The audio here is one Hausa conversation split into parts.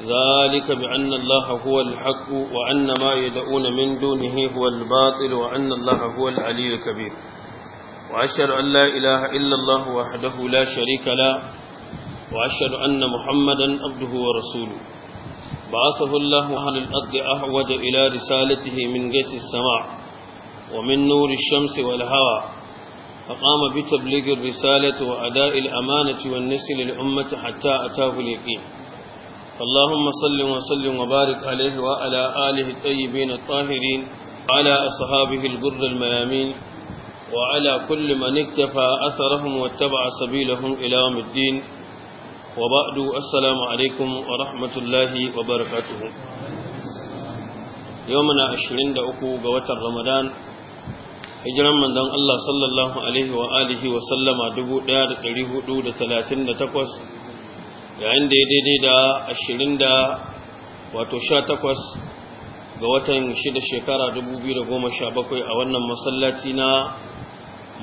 ذلك بأن الله هو الحق وأن ما يدعون من دونه هو الباطل وأن الله هو العلي الكبير وأشهد أن لا إله إلا الله وحده لا شريك له وأشهد أن محمدا عبده ورسوله بعثه الله عن الأرض أعود إلى رسالته من جيس السماء ومن نور الشمس والهوى فقام بتبليغ الرسالة وأداء الأمانة والنسل للأمة حتى أتاه اليقين اللهم صل وسلم وبارك عليه وعلى آله الطيبين الطاهرين على أصحابه الغر الميامين وعلى كل من اكتفى أثرهم واتبع سبيلهم إلى يوم الدين وبعد السلام عليكم ورحمة الله وبركاته يومنا عشرين دعوكو قوة رمضان hijiran manzon Allah sallallahu alaihi wa alihi wa sallama 1438 yayin da ya daidai da ashirin da wato sha takwas ga watan shida shekara dubu biyu da goma sha bakwai a wannan masallaci na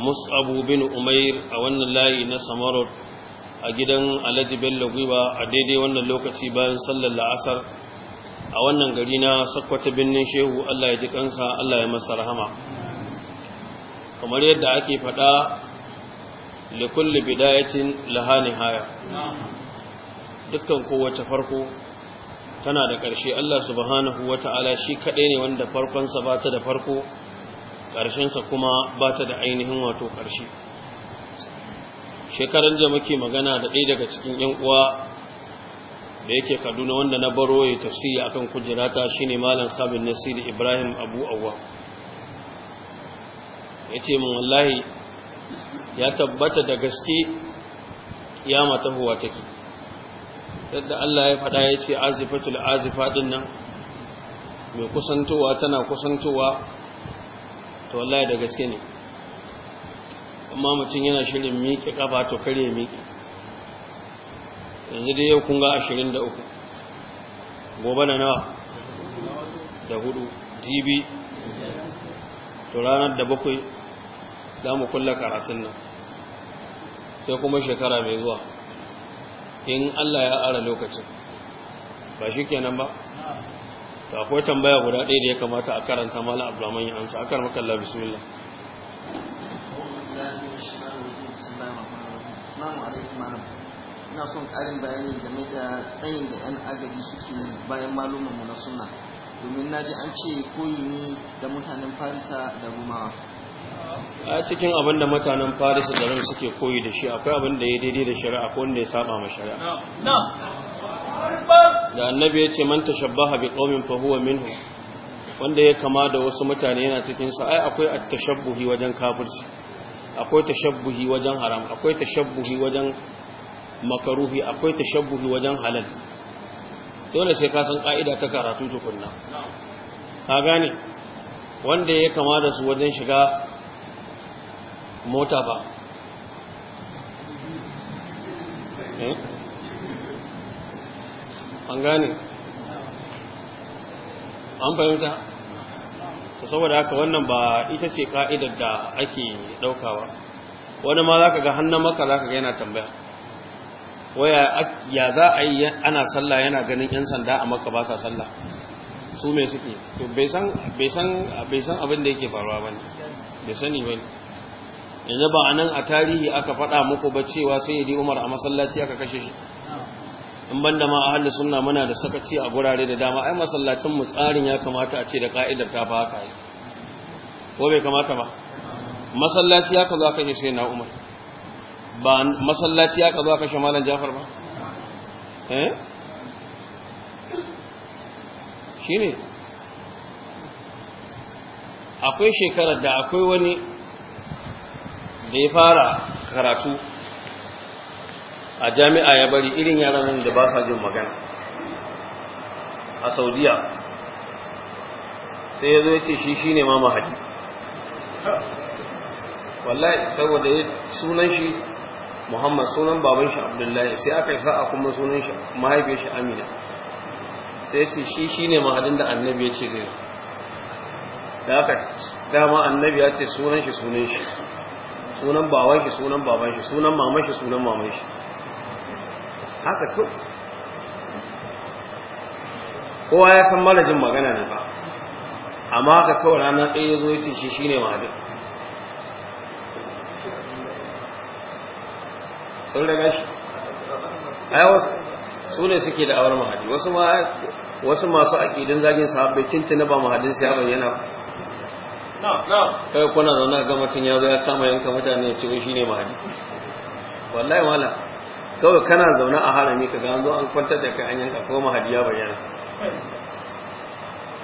mus'abu bin umair a wannan layi na samarot a gidan alhaji bello gwiwa a daidai wannan lokaci bayan sallar la'asar a wannan gari na sakwata birnin shehu allah ya ji kansa allah ya masa rahama kamar yadda ake faɗa likulli bidayatin laha haya. dukkan kowace farko tana da ƙarshe Allah subhanahu wata'ala shi kaɗai ne wanda farkonsa ba ta da farko ƙarshensa kuma ba ta da ainihin wato ƙarshe shekaran da muke magana da ɗaya daga cikin ‘yan uwa da yake kaduna wanda na baro ya tafsiri akan kujerata shine malam sabin nasiri ibrahim abu Awa, ya ce min wallahi ya tabbata da gaske kiyama tahowa take yadda Allah ya faɗa ya ce azifatul azifa ɗin nan mai kusantowa tana kusantowa to wallahi da gaske ne amma mutum yana shirin miƙe ƙafa to kare miƙe yanzu dai yau kunga ashirin da uku gobe na nawa da hudu jibi to ranar da bakwai za mu kulla karatun nan sai kuma shekara mai zuwa in Allah ya ara lokacin ba shi kenan ba da akwai tambaya guda ɗaya da ya kamata a karanta mala abdulman ya ansa akar maka Allah bismillah ina son ƙarin bayani game da tsayin da 'yan agaji suke bayan malumanmu na suna domin na ji an ce koyi ne da mutanen farisa da rumawa a cikin abin da mutanen faris da ran suke koyi da shi akwai abin da ya daidai da shari'a ko wanda ya saba ma shari'a da annabi ya ce man tashabbaha bi qaumin fa huwa minhu wanda ya kama da wasu mutane yana cikin sa ai akwai at-tashabbuhi wajen kafirci akwai tashabbuhi wajen haram akwai tashabbuhi wajen makaruhi akwai tashabbuhi wajen halal dole sai ka san ka'ida ta karatu tukunna ka gane wanda ya kama da su wajen shiga mota ba eh? an gane an fahimta saboda haka wannan ba ita ce ka'idar da ake daukawa wani ma za ka ga hannun maka za ka ga yana tambaya waya ya za a yi ana sallah yana ganin 'yan sanda a maka ba sa sallah su mai suke to bai san abin da yake faruwa ba ne bai sani ba ne yanzu ba a nan a tarihi aka faɗa muku ba cewa sai yi umar a masallaci aka kashe shi in ban da ma a halin suna muna da sakaci a gurare da dama ai masallacin mu tsarin ya kamata a ce da ka'idar ta ba haka yi ko bai kamata ba masallaci aka zo kashe sai na umar ba masallaci aka zo kashe malam jafar ba eh shine akwai shekarar da akwai wani da ya fara karatu a jami'a ya bari irin yaran da ba sa jin magana a saudiya sai ya zo ya ce shi shi ne ma haji wallahi saboda ya sunan shi muhammad sunan baban shi abdullahi sai aka yi sa'a kuma sunan shi mahaifiyar shi amina sai ce shi shi ne mahadin da annabi ya ce zai da aka dama annabi ya ce sunan shi sunan shi sunan baban shi sunan baban shi sunan maman shi sunan maman shi haka to kowa ya san malajin magana ne ba amma haka kawai ranar ɗaya ya zo ya ce shi shine mahadin sun daga shi ai wasu su ne suke da awar mahadi wasu ma wasu masu aƙidin zagin sahabbai tuntuna ba mahadin sai abin yana kai kuna zaune ga mutum ya zo ya kama yanka mutane ya ce shi ne mahadi wallahi wala kawai kana zaune a harami ka ga an zo an kwantar da kai an yanka ko mahadi ya bayyana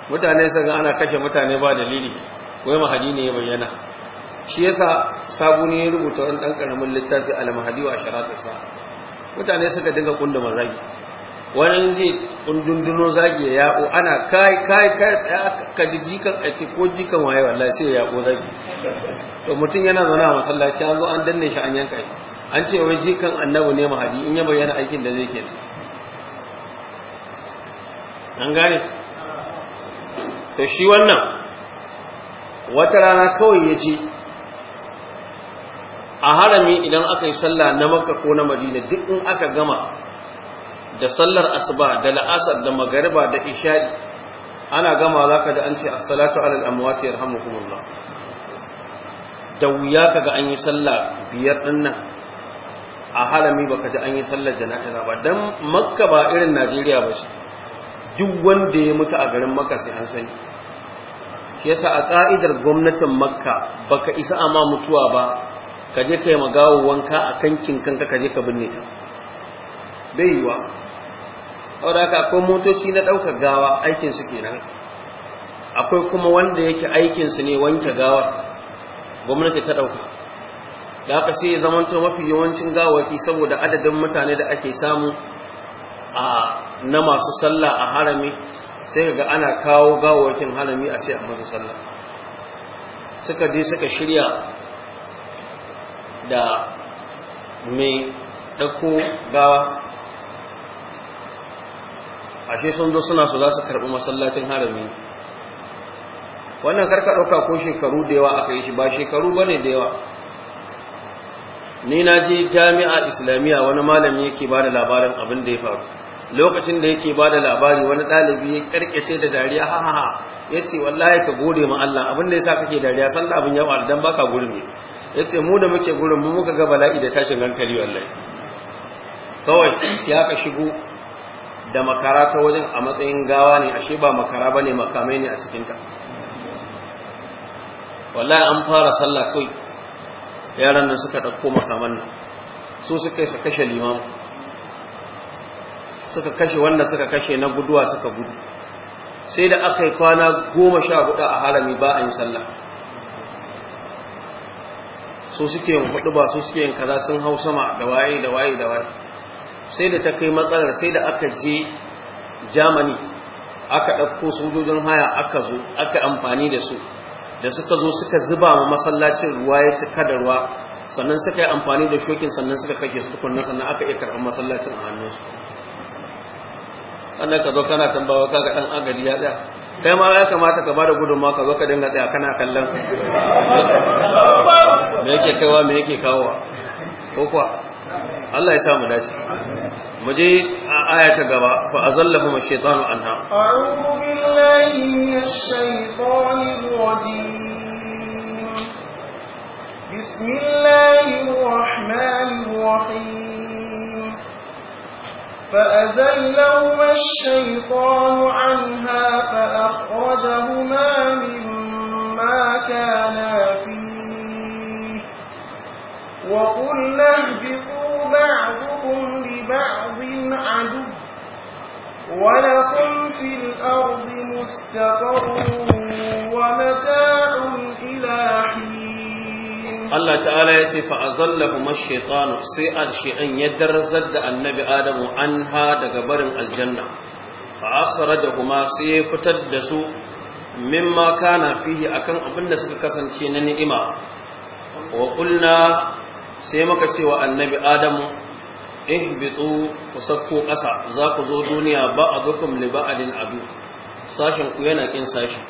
mutane sun ga ana kashe mutane ba dalili wai mahadi ne ya bayyana shi yasa sabu ne ya rubuta wani dan karamin littafi al-mahadi wa ta sa mutane suka dinga kunda mazagi wani zai kundunduno zagi ya ya'o, ana kai kai kai tsaya ka ji jikan a ko jikan waye wallahi sai ya zagi to mutum yana zana a masallaci an zo an danne shi an yanka shi an ce wai jikan annabi ne mahadi in ya bayyana aikin da zai ke an gane to shi wannan wata rana kawai ya ce a harami idan aka yi sallah na maka ko na madina duk in aka gama da sallar asuba da la'asar da magariba da isha'i ana gama za ka da an ce assalatu alal amwati yarhamukumullah da wuya ka ga an yi sallah biyar din nan a harami ka ji an yi sallar jana'iza ba dan makka ba irin najeriya ba shi duk wanda ya mutu a garin makka sai an sani shi yasa a ƙa'idar gwamnatin makka ba ka isa a ma mutuwa ba ka je ka yi magawo wanka a kankin kanka ka je ka binne ta bai yiwa saboda haka akwai motoci na ɗaukar gawa aikin su kenan akwai kuma wanda yake aikin su ne wanke gawa, gwamnati ta ɗauka da aka sai ya zamanto mafi yawancin gawaki saboda adadin mutane da ake samu a na masu sallah a harami sai ga ana kawo gawakin harami a ce a masu sallah suka je suka shirya da mai ɗauko gawa ashe sun zo suna su za su karɓi masallacin harami wannan karka ɗauka ko shekaru da yawa aka yi shi ba shekaru ba ne da yawa ni na je jami'a islamiyya wani malami yake ba da labarin abin da ya faru lokacin da yake ba da labari wani ɗalibi ya ƙarƙace da dariya ha ha ha ya ce wallahi ka gode ma Allah abin da ya sa kake dariya san abin yawa dan baka gurin ne ya ce mu da muke gurin mu muka ga bala'i da tashin hankali wallahi kawai siya ka shigo da makara ta wajen a matsayin gawa ne ashe ba makara bane makamai ne a cikinta wallahi an fara sallah kai yaran nan suka dauko makaman nan su suka yi kashe limamu suka kashe wanda suka kashe na guduwa suka gudu sai da aka yi kwana goma sha hudu a harami ba a yi sallah su suke yin hudu ba su suke yin kaza sun hau sama da waye da waye da waye sai da ta kai matsalar sai da aka je germany aka ɗauko sojojin haya aka zo aka amfani da su da suka zo suka zuba ma masallacin ruwa ya cika da ruwa sannan suka yi amfani da shokin sannan suka kake su tukunna sannan aka iya karɓar masallacin a hannunsu sannan ka zo kana tambawa kaga ɗan agadi ya tsaya kai ma ya kamata ka bada gudunmawa ka zo ka dinga tsaya kana kallon me yake kaiwa me yake kawowa ko kuwa Allah ya samu dace mu je a aya ta gaba fa azallahu ash-shaytanu anha a'udhu billahi minash shaytanir rajim بسم الله الرحمن الرحيم fa الشيطان عنها فأخرجهما مما كانا فيه وقلنا اهبطوا بعضهم لبعض عدو ولكم في الأرض مستقر Allah ta'ala ya ce fa’azallahu mashekanu sai alshi’in ya darzar da annabi Adamu an ha daga barin aljanna, fa’asara da kuma sai fitar da su mimma kana fihi akan abinda suka kasance na ni’ima, wa ƙulna sai maka cewa annabi adamu ihbitu ku sakko ƙasa za ku zo duniya ba a zukum li ba'adin adu sashen ku yana kin sashi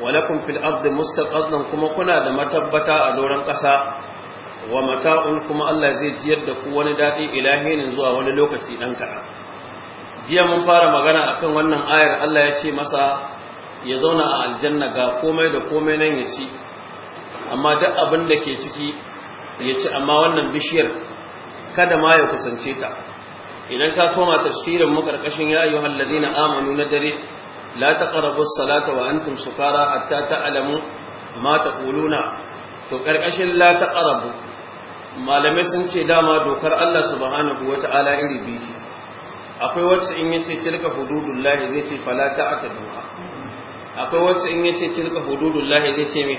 walakum fil ardi mustaqarrun kuma kuna da matabbata a doron ƙasa wa mata'un kuma Allah zai jiyar da ku wani dadi ilahinin zuwa wani lokaci dan kaɗan jiya mun fara magana akan wannan ayar Allah ya ce masa ya zauna a aljanna ga komai da komai nan ya ci amma duk abin da ke ciki ya ce amma wannan bishiyar kada ma ya kusance ta idan ka koma tafsirin mu karkashin ya ayyuha alladhina amanu na dare la taqrabu as-salata wa antum sukara hatta ta'lamu ma taquluna to karkashin la taqrabu malamai sun ce dama dokar Allah subhanahu wata'ala iri biyu akwai wacce in yace tilka hududullahi zai ce fala ta'taduha akwai wacce in yace tilka hududullahi zai ce me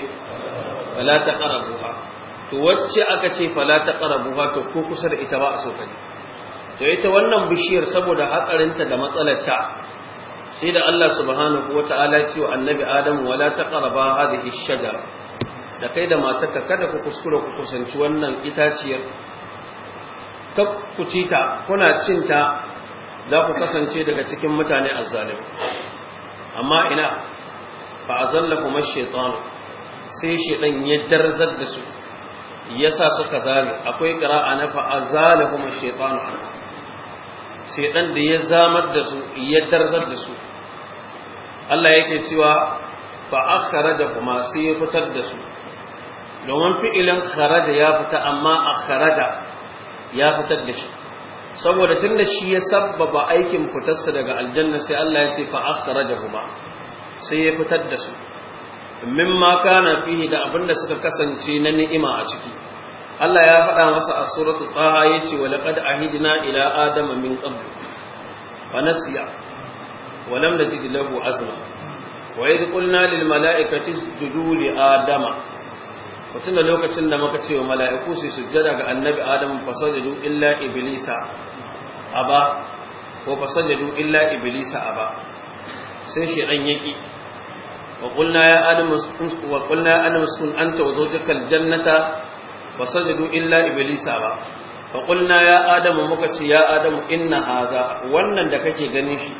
fala taqrabuha to wacce aka ce fala ta ƙarabu to ko kusa da ita ba a sokani to ita wannan bishiyar saboda hatsarinta da matsalarta sai da Allah subhanahu wa ta'ala ce wa annabi Adamu wala ta ƙaraba hadhihi shajara da kai da matarka kada ku kuskura ku kusanci wannan itaciyar ta kucita kuna cinta za ku kasance daga cikin mutane azzalim amma ina fa azalla kuma shaytan sai shaytan ya darzar da su yasa suka zame akwai qira'a na fa azalahum ash-shaytanu an shaytan da ya zamar da su ya tarzar da su Allah yake cewa fa kuma sai ya fitar da su domin fi'ilan kharaja ya fita amma akhraja ya fitar da shi saboda tunda shi ya sabbaba aikin fitarsa daga aljanna sai Allah ya ce da kuma sai ya fitar da su ma kana fihi da abinda suka kasance na ni'ima a ciki Allah ya faɗa masa a suratul Taha yace wa laqad ahidna ila adama min qabl fa nasiya wa lam najid lahu azma wa idh qulna lil mala'ikati isjudu li adama wato lokacin da muka ce wa mala'iku su sujjada ga annabi adam fa sajadu illa iblisa aba ko fa sajadu illa iblisa aba sai shi an yake وقلنا يا آدم اسكن وقلنا يا آدم اسكن أنت وزوجك الجنة فسجدوا إلا إبليس أبى فقلنا يا آدم مكسي يا آدم إن هذا wannan da kake ganin shi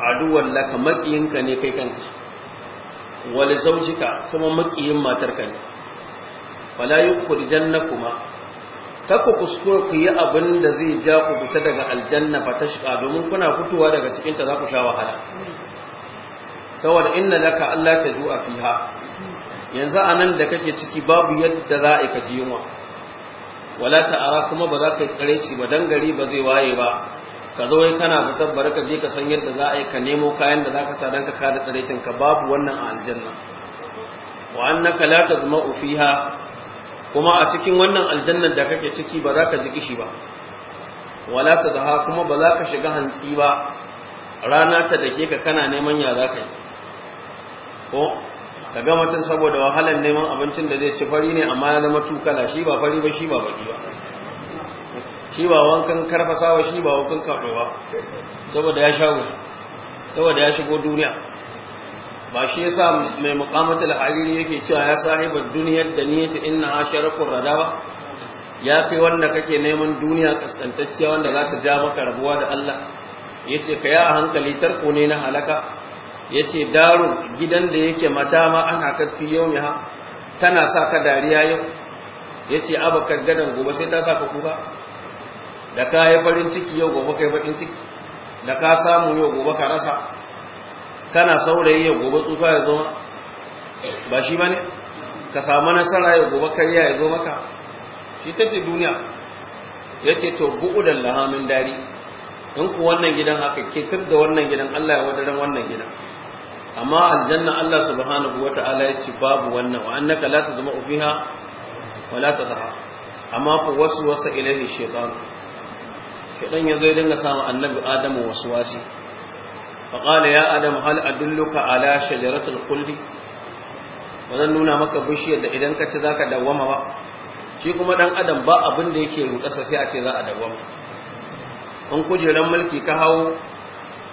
aduwan laka makiyinka ne kai kanka wal zawjika kuma makiyin ka ne wala yukhrijannakuma taku kuskura ku yi abin da zai ja ku fita daga aljanna fa tashqa domin kuna fitowa daga cikin ta za ku sha wahala saboda inna laka Allah ta a fiha yanzu anan da kake ciki babu yadda za a yi yunwa wala ta'ara kuma ba za ka yi ci ba dan gari ba zai waye ba ka zo wai kana fitar bari ka je ka san yadda za a yi ka nemo kayan da za ka sa don ka kada tsarecin ka babu wannan a aljanna wa annaka la tazma'u fiha kuma a cikin wannan aljannar da kake ciki ba za ka ji kishi ba wala ta zaha kuma ba za ka shiga hantsi ba rana ta dake ka kana neman ya za ka yi ko ka ga mutum saboda wahalar neman abincin da zai ci fari ne amma ya zama tukala shi ba fari ba shi ba baki ba shi ba wankan karfasawa shi ba wankan kafa ba saboda ya shago saboda ya shigo duniya ba shi yasa mai muqamatul hariri yake cewa ya sahiba duniyar da yace inna asharakur radawa ba ya kai wanda kake neman duniya kaskantacciya wanda za ta ja maka rabuwa da Allah yace ka ya hankali tarko ne na halaka yace daru gidan da yake mata ma an hakat fi ha tana sa ka dariya yau yace abakar gadon gobe sai ta sa ka kuka da ka yi farin ciki yau gobe kai farin ciki da ka samu yau gobe ka rasa kana saurayi yau gobe tsufa ya zo ba shi ba ne ka samu nasara yau gobe kariya ya zo maka shi ce duniya yace to da lahamin dari in ku wannan gidan haka ke tur da wannan gidan Allah ya wadaran wannan gidan amma aljanna Allah subhanahu ta'ala ya ce babu wannan wa annaka la tazma'u fiha wa la tadha amma fa waswasa ilayhi shaytan shaytan ya zai dinga samu annabi adamu waswasi fa qala ya adam hal adulluka ala shajaratil khuldi wannan nuna maka bishiyar da idan ka ci zaka dawwama ba shi kuma dan adam ba abin da yake rukasa sai a ce za a dawwama in kujeran mulki ka hawo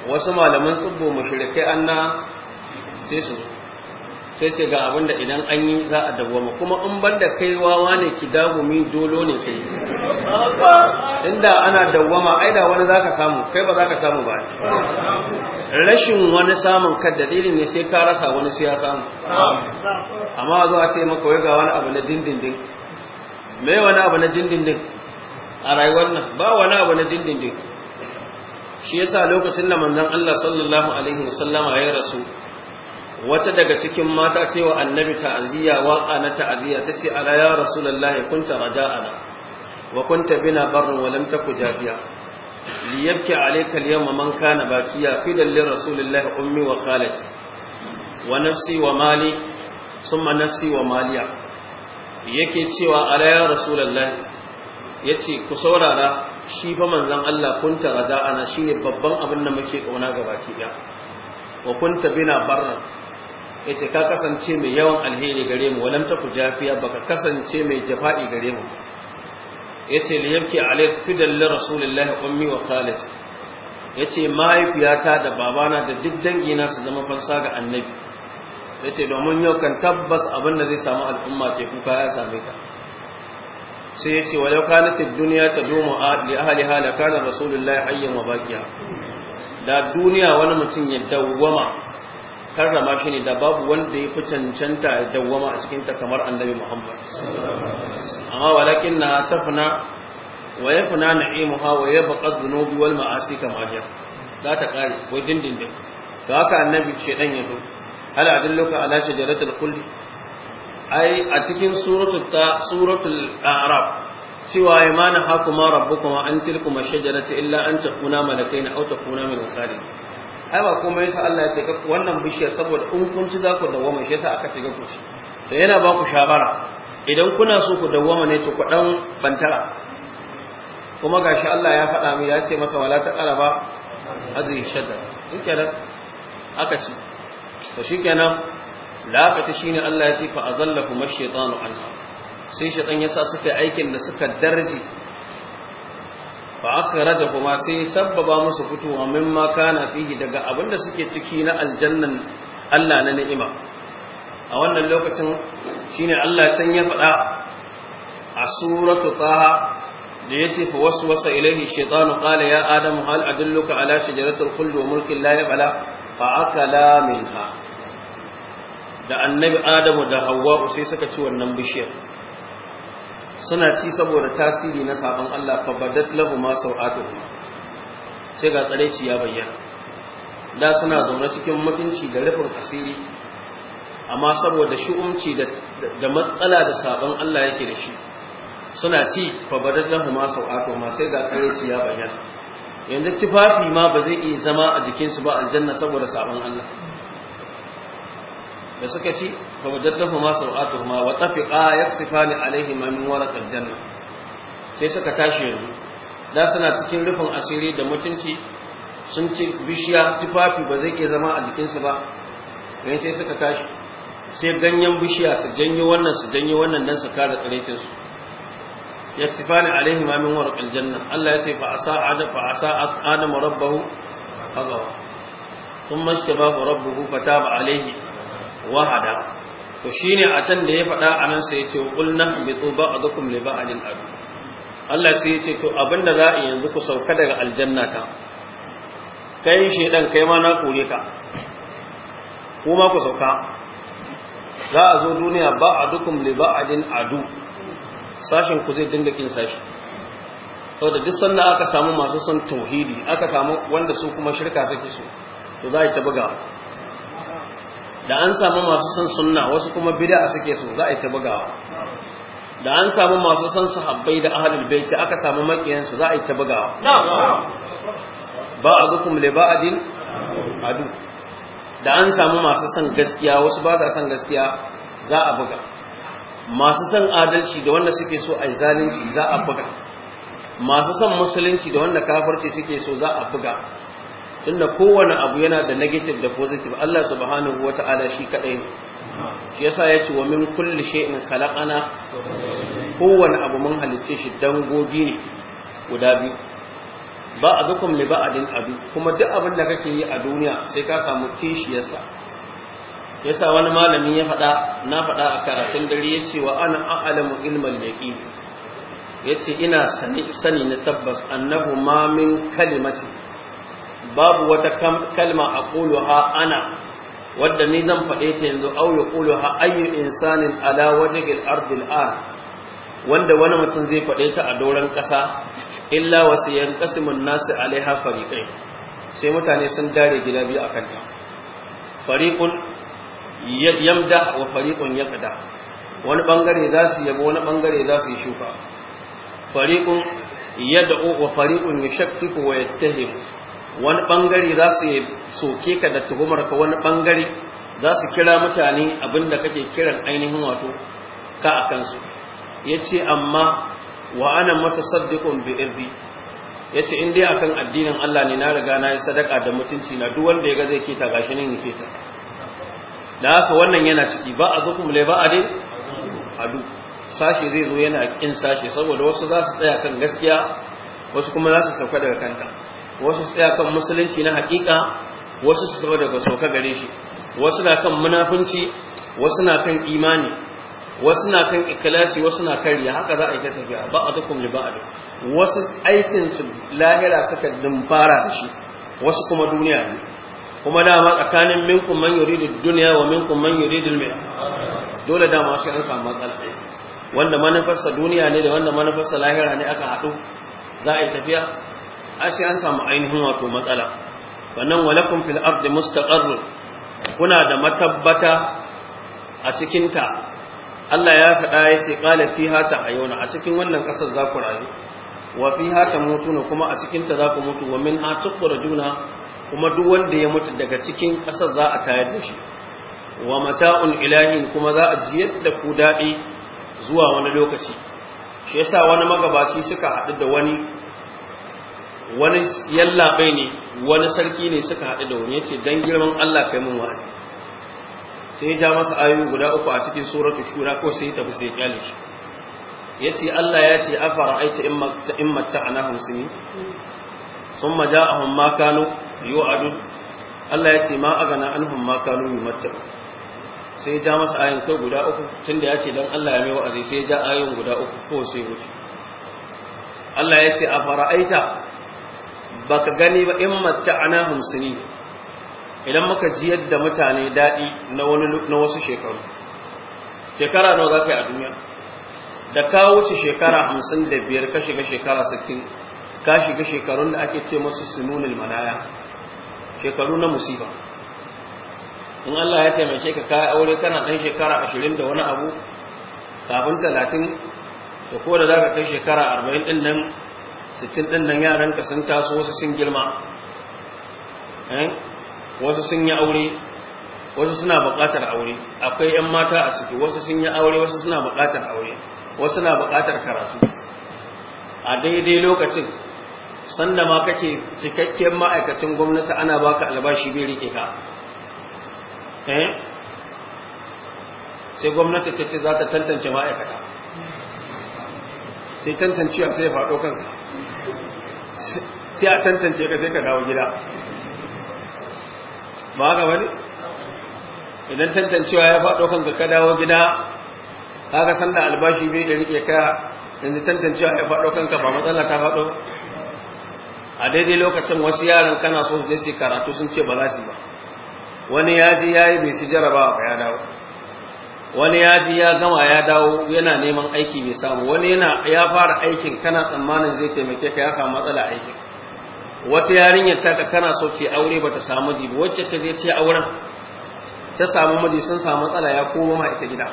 wasu malaman tsubbo mushrikai anna sai su sai ce ga abinda idan an yi za a dawwama kuma in ban da kai wawa ne ki dagumi dolo ne sai. inda ana dawoma, ai da wani zaka samu kai ba zaka samu ba rashin wani samun kan dalilin ne sai ka rasa wani sai ya samu amma zo a ce maka wai ga wani abu na dindindin me wani abu na dindindin a rayuwar nan ba wani abu na dindindin shi yasa lokacin da manzon Allah sallallahu alaihi wasallama ya rasu wata daga cikin mata ce wa annabi ta'aziyya waka na ta'aziyya ta ce ala ya rasulullahi kunta raja'ana wa kunta bina barin wa lam taku jafiya liyabki alayka al-yawma man kana bakiya fidan li rasulillahi ummi wa khalati wa nafsi wa mali summa nafsi wa maliya yake cewa ala ya rasulullahi yace ku saurara shi fa manzon Allah kunta raja'ana shine babban abin da muke kauna gabaki daya wa kunta bina barra yace ka kasance mai yawan alheri gare mu walam ta jafiya baka kasance mai jafa'i gare mu yace li yabki alayk fidal li rasulillah ummi wa khalis yace mahaifiyata da babana da duk dangina su zama fansa ga annabi yace domin yau kan tabbas abin da zai samu al'umma ce kuka ya same ta sai yace wa law duniya ta dunya tadumu li ahli hala kana rasulullahi hayyan wa baqiya da duniya wani mutum ya dawwama karrama shi ne da babu wanda ya fi cancanta ya dawwama a cikinta kamar annabi Muhammad. Amma walakin na tafna wa ya fina na'imuha wa ya baƙa zunubi wal ma'asi kama jiya. Za ta kare. wai dindindin. Ga haka annabi ce ɗan ya zo. Hal adilluka ala shajaratul kulli. Ai a cikin suratul ta suratul Arab cewa ya mana hakuma rabbukuma an tilkuma shajarata illa an takuna malakaina aw takuna min khalid. ai ba komai yasa Allah ya ce wannan bishiyar saboda in kun ci za ku dawwama shi yasa aka ce ga ku to yana ba ku shawara idan kuna so ku dawwama ne to ku dan bantara kuma gashi Allah ya faɗa mu ya ce masa wala ta taqraba hadhihi shadda shikenan aka ci to shikenan laqata shine Allah ya ce fa azallahu mashaytanu anha sai shaytan yasa suka aikin da suka darje fa akhraja kuma sai sabbaba musu fituwa mimma kana fihi daga abinda suke ciki na aljannan Allah na ni'ima a wannan lokacin shine Allah can ya faɗa a suratu taha da yace fa waswasa ilayhi shaytanu qala ya adamu hal adulluka ala shajaratil khuld wa mulkin la yabla fa akala minha da annabi adamu da hawwa sai suka ci wannan bishiyar suna ci saboda tasiri na sabon Allah fa badat lahu ma sau'atuhu sai ga tsareci ya bayyana da suna zaune cikin mutunci da rufin asiri amma saboda shu'umci da matsala da sabon Allah yake da shi suna ci fa badat lahu ma sau'atuhu ma sai ga tsareci ya bayyana yanzu tufafi ma ba zai iya zama a jikinsu ba aljanna saboda sabon Allah da suka ci فوجدتهما سوآتهما وطفقا يقصفان عليهما من ورق الجنة sai suka tashi yanzu da suna cikin rufin asiri da mutunci sun ci bishiya tufafi ba zai iya zama a jikinsu ba don sai suka tashi sai ganyen bishiya su janyo wannan su janyo wannan don su kare su, ya sifani alaihi mamin warar janna Allah ya ce fa asa adam fa asa adam rabbahu fagawa sun mashta babu rabbuhu fataba alaihi wahada to shine a can da ya faɗa a nan sai ce qulna bi tuba adukum li ba'dil adu Allah sai ce to abinda za a yanzu ku sauka daga aljanna ta kai ɗan kai ma na kore ka Ko ma ku sauka za a zo duniya ba adukum li ba'dil adu Sashen ku zai dinga kin sashi da duk sannan aka samu masu son tauhidi aka samu wanda su kuma shirka suke so to za a yi ta buga da an samu masu son sunna wasu kuma bid'a suke so za a yi ta bugawa da an samu masu son sahabbai da ahlul baiti aka samu makiyan su za a yi ta bugawa ba li ba'din adu da an samu masu son gaskiya wasu ba sa son gaskiya za a buga masu son adalci da wanda suke so a zalunci za a buga masu son musulunci da wanda kafirci suke so za a buga tunda kowane abu yana da negative da positive Allah subhanahu wata'ala shi kadai shi yasa yace wa min kulli shay'in khalaqana kowane abu mun halicce shi dangogi ne guda biyu ba a adukum li ba'adin abu, kuma duk abin da kake yi a duniya sai ka samu kishiyarsa yasa wani malami ya faɗa na faɗa a karatun dare yace wa ana a'lamu ilmal yaqin yace ina sani sani na tabbas annahu ma min kalimati babu wata kalma a ƙuluha ana wadda ni zan faɗe ta yanzu au ya ƙuluha ayyu insanin ala gil ardil an wanda wani mutum zai faɗe ta a doron ƙasa illa wasu ƙasimin nasu alaiha fariƙai sai mutane sun dare gida biyu a kanta fariƙun yamda wa fariƙun ƙada wani ɓangare za su yabo wani ɓangare za su yi shuka fariƙun yadda wa fariƙun yashakkiku wa yattahimu wani bangare za su soke ka da tuhumar ka wani bangare za su kira mutane abinda kake kiran ainihin wato ka a kansu ya ce amma wa ana matasaddiqun bi ya ce in dai akan addinin Allah ne na riga na yi sadaka da mutunci na duk wanda ya ga zai keta gashi nan yake ta da haka wannan yana ciki ba a zukum mula'i ba a dai adu sashi zai zo yana kin sashi saboda wasu za su tsaya kan gaskiya wasu kuma za su sauka daga kanta wasu tsaya kan musulunci na hakika wasu su saboda daga sauka gare shi wasu na kan munafunci wasu na kan imani wasu na kan ikilasi wasu na karya. haka za a yi ta tafiya ba a dukkan liba a duk wasu su lahira suka dumfara da shi wasu kuma duniya ne kuma dama tsakanin minkum man yuridu duniya wa minkum man yuridu mai dole dama sai an samu matsala wanda manufarsa duniya ne da wanda manufarsa lahira ne aka haɗu za a yi tafiya Ashe an samu ainihin wato matsala wannan walakum fil ardi mustaqarr kuna da matabbata a cikin ta Allah ya faɗa ya ce qala fiha ta'ayuna a cikin wannan ƙasar za ku rayu wa fiha tamutuna kuma a cikin ta za ku mutu wa minha tukhrajuna kuma duk wanda ya mutu daga cikin ƙasar za a tayar da shi wa mata'un ilahin kuma za a jiyar da ku daɗi zuwa wani lokaci shi yasa wani magabaci suka haɗu da wani wani bai ne wani sarki ne suka haɗu da wani yace dan girman Allah kai mun wa'azi sai ya ja masa ayoyi guda uku a cikin suratul shura ko sai ya tafi sai ya kyale shi yace Allah ya ce afara aita imma imma ta anahum sini summa ja'ahum ma kanu yu'adu Allah ya ce ma agana anhum ma kanu yumatta sai ya ja masa ayoyin kai guda uku tunda ya ce dan Allah ya mai wa'azi sai ya ja ayoyin guda uku ko sai ya wuce Allah ya ce a fara'aita baka gani ba in matta'ana ana sini idan muka ji yadda mutane daɗi na wani na wasu shekaru shekara nawa za ka yi a duniya da ka wuce shekara hamsin da biyar ka shiga shekara sittin ka shiga shekarun da ake ce masu sununul manaya shekaru na musiba in Allah ya taimake ka kai aure kana ɗan shekara ashirin da wani abu kafin talatin da ko da za ka kai shekara arba'in ɗin nan sittin ɗin nan yaranka sun taso wasu sun girma eh? wasu sun yi aure wasu suna buƙatar aure akwai 'yan mata a suke wasu sun yi aure wasu suna buƙatar aure wasu na buƙatar karatu a daidai lokacin sanda ma kake cikakken ma'aikacin gwamnati ana baka albashi bai rike ka eh? sai gwamnati ce ce za ta tantance ma'aikata sai tantancewa sai ya faɗo kanka sai a tantance ka sai ka dawo gida ba haka ne idan tantancewa ya faɗo kanka ka dawo gida san sanda albashi bai da rike ka yanzu tantancewa ya faɗo kanka ba matsala ta faɗo a daidai lokacin wasu yaran kana so su je su karatu sun ce ba za su ba wani ya ji yi bai su jaraba ba ya dawo wani ya ji ya gama ya dawo yana neman aiki mai samu wani yana ya fara aikin kana tsammanin zai taimake ka ya samu matsala aikin wata yarinyar ka kana so ce aure bata samu ji ba wacce ta je ce auren ta samu miji sun samu matsala ya koma ma ita gida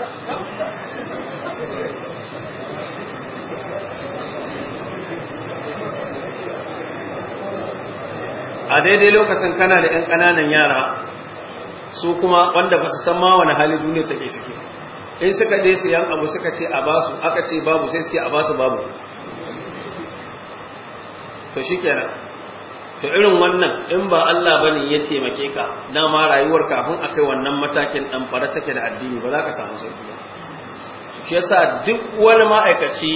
a daidai lokacin kana da 'yan ƙananan yara su kuma wanda ba su san ma wani hali duniya take ciki in suka je siyan abu suka ce a basu aka ce babu sai su a basu babu to shikenan to irin wannan in ba Allah bane ya taimake ka na ma rayuwar kafin a kai wannan matakin dan fara take da addini ba za ka samu sauki ba shi yasa duk wani ma'aikaci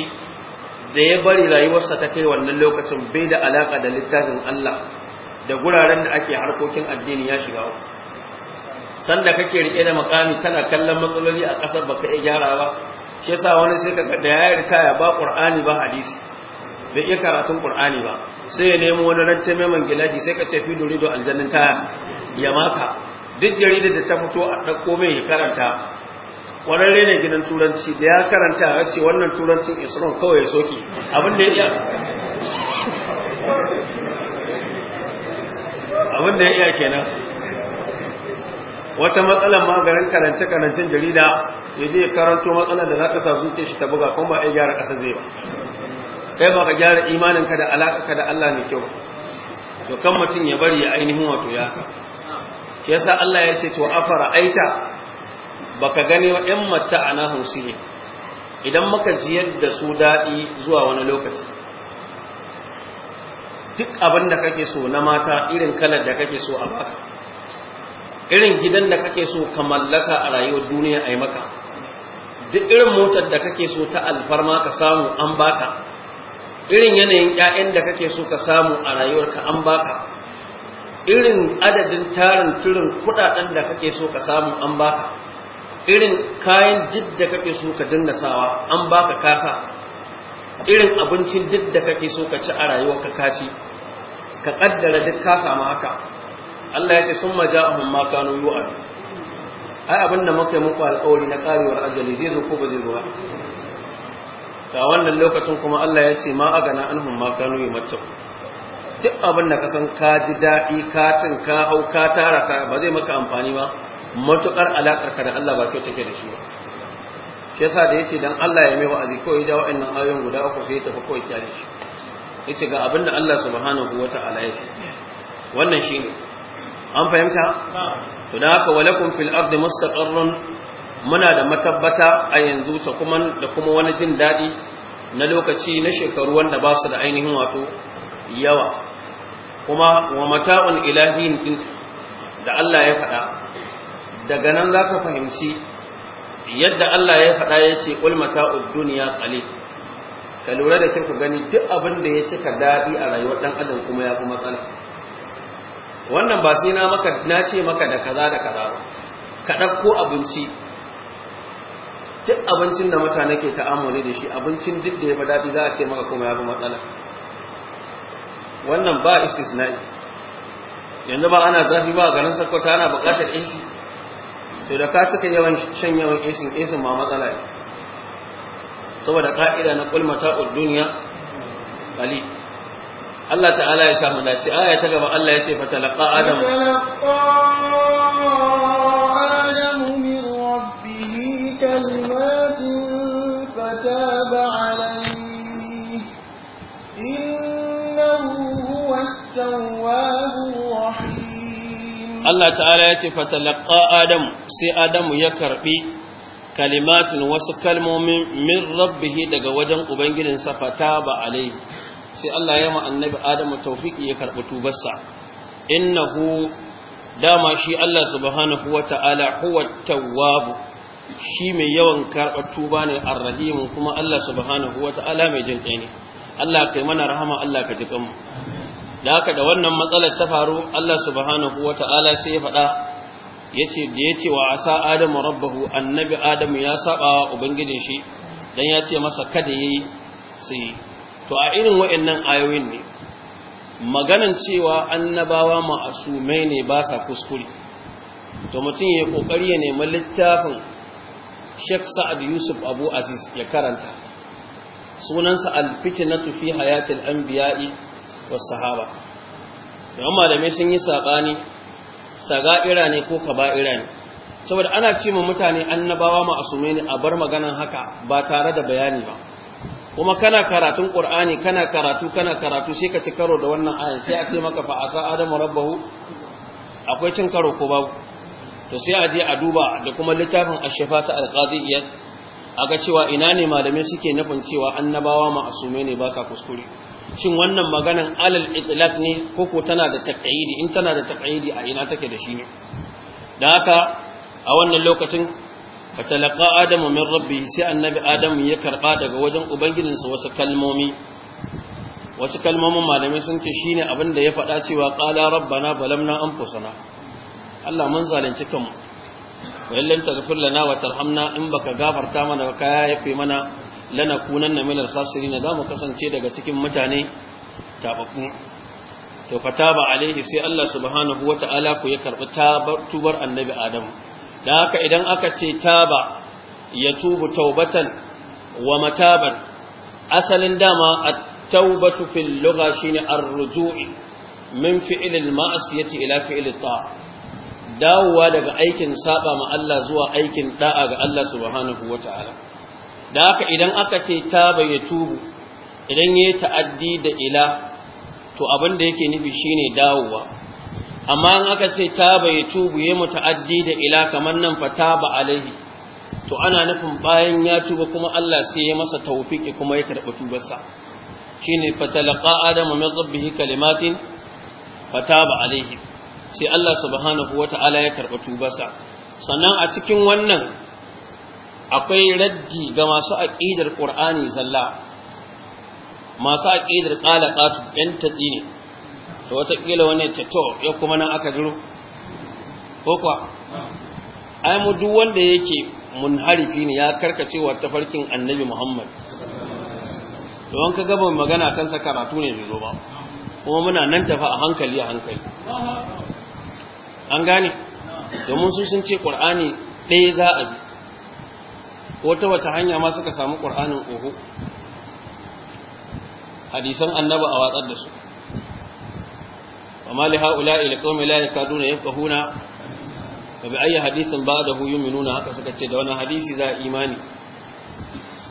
da ya bari rayuwarsa ta kai wannan lokacin bai da alaka da littafin Allah da guraren da ake harkokin addini ya shiga sanda kake rike da makami kana kallon matsaloli a ƙasar baka iya gyara ba shi yasa wani sai kaga da ya ritaya ba qur'ani ba hadisi bai iya karatun qur'ani ba sai ya nemo wani rance mai mangilaji sai ka ce fi do aljannin taya ya maka duk jaridar da ta fito a ɗauko mai ya karanta kwararre ne gidan turanci da ya karanta ya ce wannan turancin isron kawai ya soke abin da ya iya abin da ya iya kenan wata matsalar maganin karance karancen jarida ya je karanto matsalar da za ta sa zuciya shi ta buga kuma ba a gyara ƙasa zai ba kai ba ka gyara imaninka da alaƙa da Allah mai kyau to kan mutum ya bari ya ainihin wato ya shi yasa Allah ya ce to afara aita baka gani wa ɗan mata ana hausi idan muka ziyar da su daɗi zuwa wani lokaci duk abin da kake so na mata irin kalar da kake so a baka irin gidan da kake so ka mallaka a rayuwar duniya a yi maka duk irin motar da kake so ta alfarma ka samu an baka irin yanayin 'ya'yan da kake so ka samu a rayuwar ka an baka irin adadin tarin turin kudaden da kake so ka samu an baka irin kayan duk da kake so ka dinga sawa an baka kasa irin abincin duk da kake so ka ci a rayuwar ka kaci ka kaddara duk ka samu haka Allah ya ce sun maja ahun ma kanu yu'ad ai da muka yi muku alƙawari na karewar ajali zai zo ko ba zai zo ba ta wannan lokacin kuma Allah ya ce ma agana anhum ma kanu yumatta duk abin da ka san ka ji daɗi ka cin ka hau ka tara ka ba zai maka amfani ba matukar alaƙar ka da Allah ba kyau take da shi ba shi yasa da yace dan Allah ya mai wa'azi ko ya ja wa'annan ayoyin guda uku sai ya tafi ko ya kyale shi yace ga abin da Allah subhanahu wata'ala ya ce wannan shi ne. an fahimta to da haka walakum fil ardi mustaqarrun muna da matabbata a yanzu ta kuma da kuma wani jin daɗi na lokaci na shekaru wanda ba su da ainihin wato yawa kuma wa mata'un ilahin din da Allah ya faɗa daga nan za ka fahimci yadda Allah ya faɗa ya ce ƙul mata'ud duniya qalil ka lura da kyau ka gani duk abin da ya cika daɗi a rayuwar ɗan adam kuma ya fi matsala wannan ba sai na maka na ce maka da kaza da kaza ba ka ɗauko abinci duk abincin da mutane ke ta'amuli da shi abincin duk da ya fi daɗi za a ce maka kuma ya fi matsala wannan ba istisna'i yanzu ba ana zafi ba garin sakwata ana buƙatar AC to da ka cika yawan shan yawan AC AC ma matsala ne saboda ka'ida na kulmata duniya qalil Allah ta'ala ya samu dace aya ta gaba Allah ya ce fa talaqa adam adam min rabbih kalimatin fataba alayhi innahu huwa tawwabur rahim Allah ta'ala ya ce fa talaqa adam sai adam ya karbi kalimatin wasu kalmomin min rabbihi daga wajen ubangijinsa fataba alayhi sai Allah ya wa annabi Adamu taufiki ya karɓi tubarsa innahu dama shi Allah subhanahu wata'ala huwa tawwab shi mai yawan karɓar tuba ne arrahim kuma Allah subhanahu wata'ala mai jin ne Allah kai mana rahama Allah ka ji kanmu da haka da wannan matsalar ta faru Allah subhanahu wata'ala sai ya faɗa yace da yace wa asa adamu rabbahu annabi adamu ya saba ubangijin shi dan ya ce masa kada yayi sai to a irin waɗannan ayoyin ne maganan cewa annabawa ma'asumai ne ba sa kuskure to mutum ya kokari ya nemi littafin Sheikh Sa'ad Yusuf Abu Aziz ya karanta sunansa al-fitnatu fi hayatil anbiya'i was sahaba don malamai sun yi sabani ira ne ko ira ne saboda ana ce mutane annabawa ma'asumai ne a bar maganan haka ba tare da bayani ba kuma kana karatun qur'ani kana karatu kana karatu sai ka ci karo da wannan ayan sai a ce maka fa asa adamu rabbahu akwai cin karo ko babu to sai a je a duba da kuma littafin ash-shafa ta al A aga cewa ina ne malamai suke nufin cewa annabawa ma'asume ne ba sa kuskure shin wannan maganan alal itlaq ne Koko tana da taqayidi in tana da taqayidi a ina take da shi ne dan haka a wannan lokacin fatalaka adamu min rabbi sai annabi adamu ya karba daga wajen ubangijinsa wasu kalmomi wasu kalmomin malamai sun ce shine abin da ya faɗa cewa qala rabbana balamna anfusana Allah mun zalunci kanmu wa illam taghfir lana wa tarhamna in baka gafarta mana baka yafe mana lanakunanna min al-khasirin zamu kasance daga cikin mutane tabaku to fataba alaihi sai Allah subhanahu wata'ala ku ya karbi tubar annabi adamu da haka idan aka ce taba ya tubu taubatan wa mataban asalin dama a taubatu fil lugha shine ar-ruju'i min fi'l al-ma'siyati ila fi'l at-ta'a dawowa daga aikin saba ma Allah zuwa aikin da'a ga Allah subhanahu wata'ala da haka idan aka ce taba ya tubu idan yayi ta'addi da ila to abin da yake nufi shine dawowa amma in aka ce ta ya tubu ya muta'addi da ila kamar nan fa taba alaihi to ana nufin bayan ya tuba kuma Allah sai ya masa tawfiki kuma ya karɓi tubarsa shine talaqa adamu min rabbihi kalimatin ba alaihi sai Allah subhanahu wata'ala ya karɓi tubarsa sannan a cikin wannan akwai raddi ga masu aqidar qur'ani zalla masu aqidar qalaqatu yan tatsini ne to wataƙila wani ce to ya kuma nan aka jiro ko kuwa ai mu duk wanda yake munharifi ne ya karkacewa tafarkin annabi muhammad don ka gaba magana kansa karatu ne zai zo ba kuma muna nan tafa a hankali a hankali an gane domin su sun ce qur'ani ɗaya za a bi ko ta wata hanya ma suka samu qur'anin oho hadisan annabi a watsar da su وما لهؤلاء لقوم لا يكادون يفقهون فبأي حديث بعده يؤمنون haka suka ده وانا حديث ذا za بيان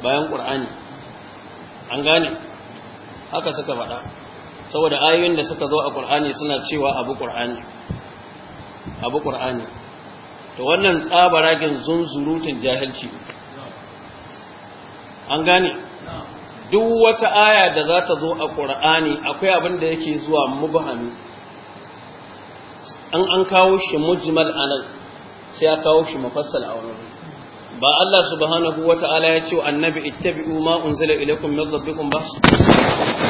bayan qur'ani an gane haka suka faɗa saboda ayoyin da suka zo a qur'ani suna cewa abu qur'ani abu qur'ani to wannan ragin zunzurutun jahilci an gane duk wata aya da za ta zo a qur'ani akwai abin da yake zuwa mubahami an an kawo shi mujmal nan sai ya kawo shi mafassal a wani ba Allah subhanahu wata'ala ya ce wa annabi ittabi'u ma unzila ilaykum min rabbikum bas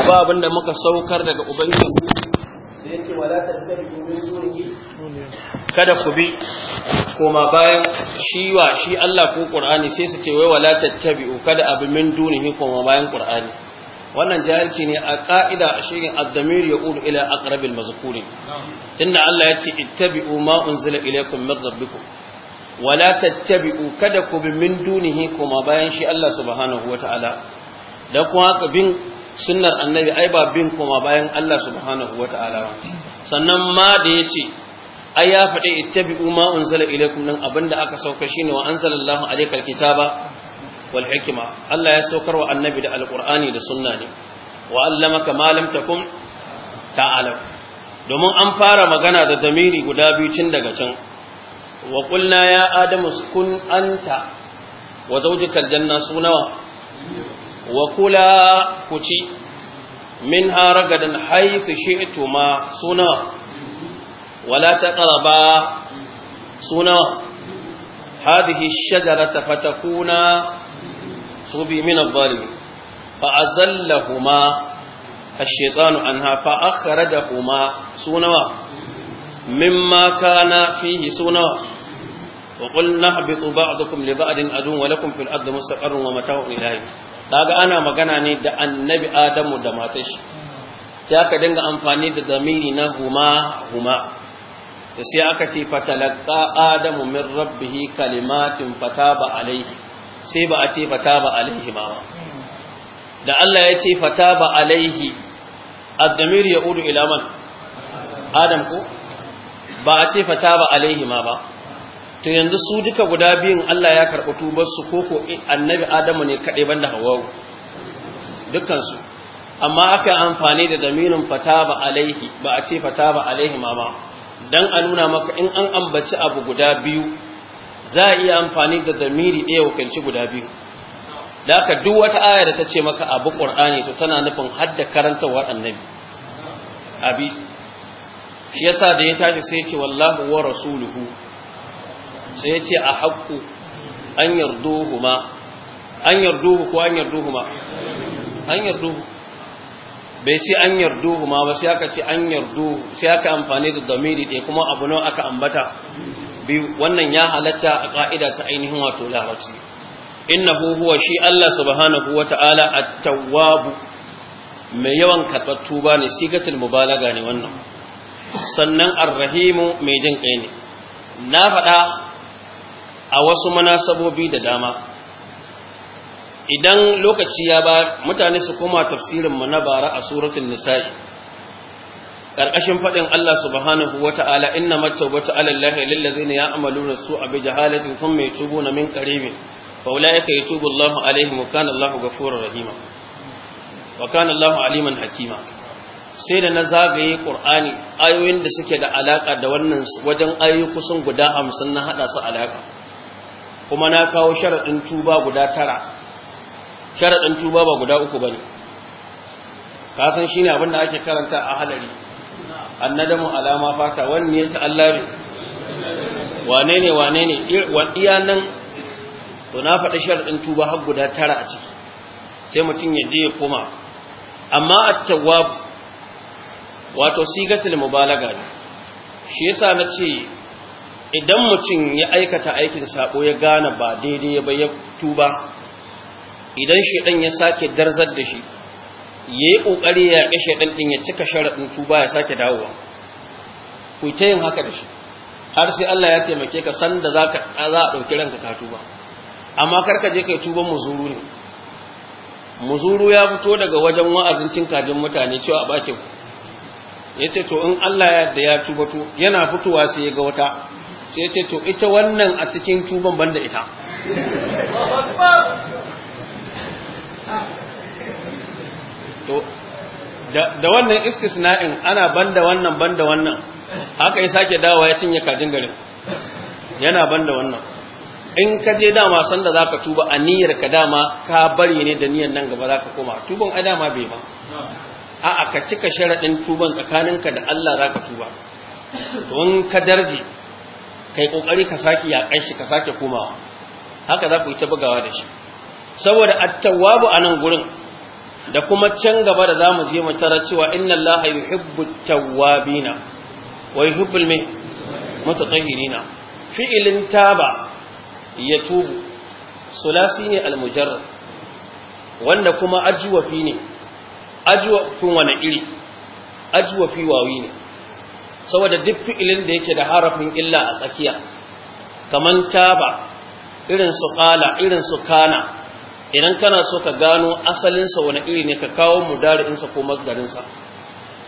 ba abinda muka saukar daga ubangiji sai yace wala tattabi'u min dunihi kada ku bi koma bayan shiwa shi Allah ko Qur'ani sai su ce wai wala tattabi'u kada abu min dunihi koma bayan Qur'ani wannan jahilci ne a ƙa'ida a shirin addamir ya ƙudu ila aqrabil mazkuri tunda Allah ya ce ittabi'u ma unzila ilaikum min rabbikum wala tattabi'u kada ku bi min dunihi kuma bayan shi Allah subhanahu wata'ala dan kuma haka bin sunnar annabi ai ba bin kuma bayan Allah subhanahu wata'ala sannan ma da ya ce ai ya faɗi ittabi'u ma unzila ilaikum nan abinda aka sauka shine wa anzalallahu alaykal kitaba Walhikima, Allah ya saukar wa annabi da alqur'ani da sunna ne wa allamaka ma lam takun ta'alam domin an fara magana da zamiri guda biyu tun daga can wa qulna ya adamu kun anta wa zawjuka aljanna sunawa wa kula kuci minha ragadan haythu shi'tuma sunawa ولا تقربا سنة هذه الشجرة فتكونا su bi min adh-dhalimin fa azallahuma ash-shaytanu anha fa akhrajahuma sunawa mimma kana fihi sunawa wa qulna habitu ba'dukum li ba'din adun wa lakum fil ardi mustaqarrun wa mata'un ilahi kaga ana magana ne da annabi adamu da matashi sai aka dinga amfani da zamiri na huma huma da sai aka ce fatalaka adamu min kalimatin fataba alaihi sai ba a ce fata ba alaihi ma ba, da Allah ya ce fata ba alaihi addamir ya udu ilaman adam ko ba a ce fata ba alaihi ma ba to yanzu su duka guda biyun Allah ya karɓi tubar su ko annabi adamu ne kaɗai banda hawawu dukkansu amma aka yi amfani da damirin fata ba alaihi ba a ce fata ba alaihi ma ba dan a nuna maka in an ambaci abu guda biyu za a iya amfani da zamiri ɗaya hukunci guda biyu da aka duk wata aya da ta ce maka abu ƙwar'ani to tana nufin hadda karantawar annabi abi shi yasa da ya tafi sai ce wallahu wa rasuluhu sai ya ce a haƙƙu an yarduhu ma an yarduhu ko an yarduhu ma an yarduhu bai ce an yarduhu ma ba sai aka ce an yarduhu sai aka amfani da zamiri ɗaya kuma abu nawa aka ambata biyu wannan ya halatta a ƙa'ida ta ainihin wato larabci innahu huwa shi Allah subhanahu wata'ala at-tawwab mai yawan karɓar tuba ne sigatul mubalaga ne wannan sannan ar rahim mai jin kai ne na faɗa a wasu munasabobi da dama idan lokaci ya ba mutane su koma tafsirin mu na bara a suratul nisa'i ƙarƙashin faɗin Allah subhanahu wa ta'ala inna mattaubatu ala Allah lillazina ya'maluna su'a bi jahalatin thumma yatubuna min qaribin fa ulaika yatubu Allahu alaihim wa kana Allahu ghafurur rahima wa kana Allahu aliman hakima sai da na zagaye Qur'ani ayoyin da suke da alaƙa da wannan wajen ayoyi kusan guda hamsin na haɗa su alaƙa, kuma na kawo sharadin tuba guda tara sharadin tuba ba guda uku bane ka san shine abin da ake karanta a halari annadamu alama fata wanne yasa Allah wane ne wane ne iya nan to na faɗi sharɗin tuba har guda tara a ciki sai mutum ya je ya amma at-tawwab wato sigatul mubalaga ne shi yasa na ce idan mutum ya aikata aikin sako ya gane ba daidai ba ya tuba idan shi ya sake darzar da shi ya yi ƙoƙari ya ƙashe ɗanɗin ɗin ya cika sharaɗin tuba ya sake dawowa ku ta yin haka da shi har sai Allah ya taimake ka sanda za a ɗauki ranka ka tuba amma kar ka je kai tuban muzuru ne muzuru ya fito daga wajen wa'azin cin kajin mutane cewa a bakin ya ce to in Allah ya da ya tuba to yana fitowa sai ya ga wata sai ya ce to ita wannan a cikin tuban banda ita to da wannan istisna'in ana banda wannan banda wannan haka ya sake dawa ya cinye kajin garin yana banda wannan in ka je dama san da zaka tuba a niyyar ka dama ka bari ne da niyyar nan gaba zaka koma tuban a dama bai ba a'a ka cika sharaɗin tuban tsakaninka da Allah zaka tuba don ka darje kai kokari ka saki ya ka sake komawa haka za ku yi ta bugawa da shi saboda at a nan gurin da kuma can gaba da mu je mu cewa inna allaha yuhibbu tawwabina wa yuhibbu al mutatahhirina fi'ilin taba tubu sulasi ne al-mujarrad wanda kuma ajwafi ne ajwafin wani iri ajwafi wawi ne saboda duk fi'ilin da yake da harafin illa a tsakiya kaman taba irin su qala irin su kana idan kana so ka gano asalinsa wani iri ne ka kawo mudari'insa ko mazgarinsa.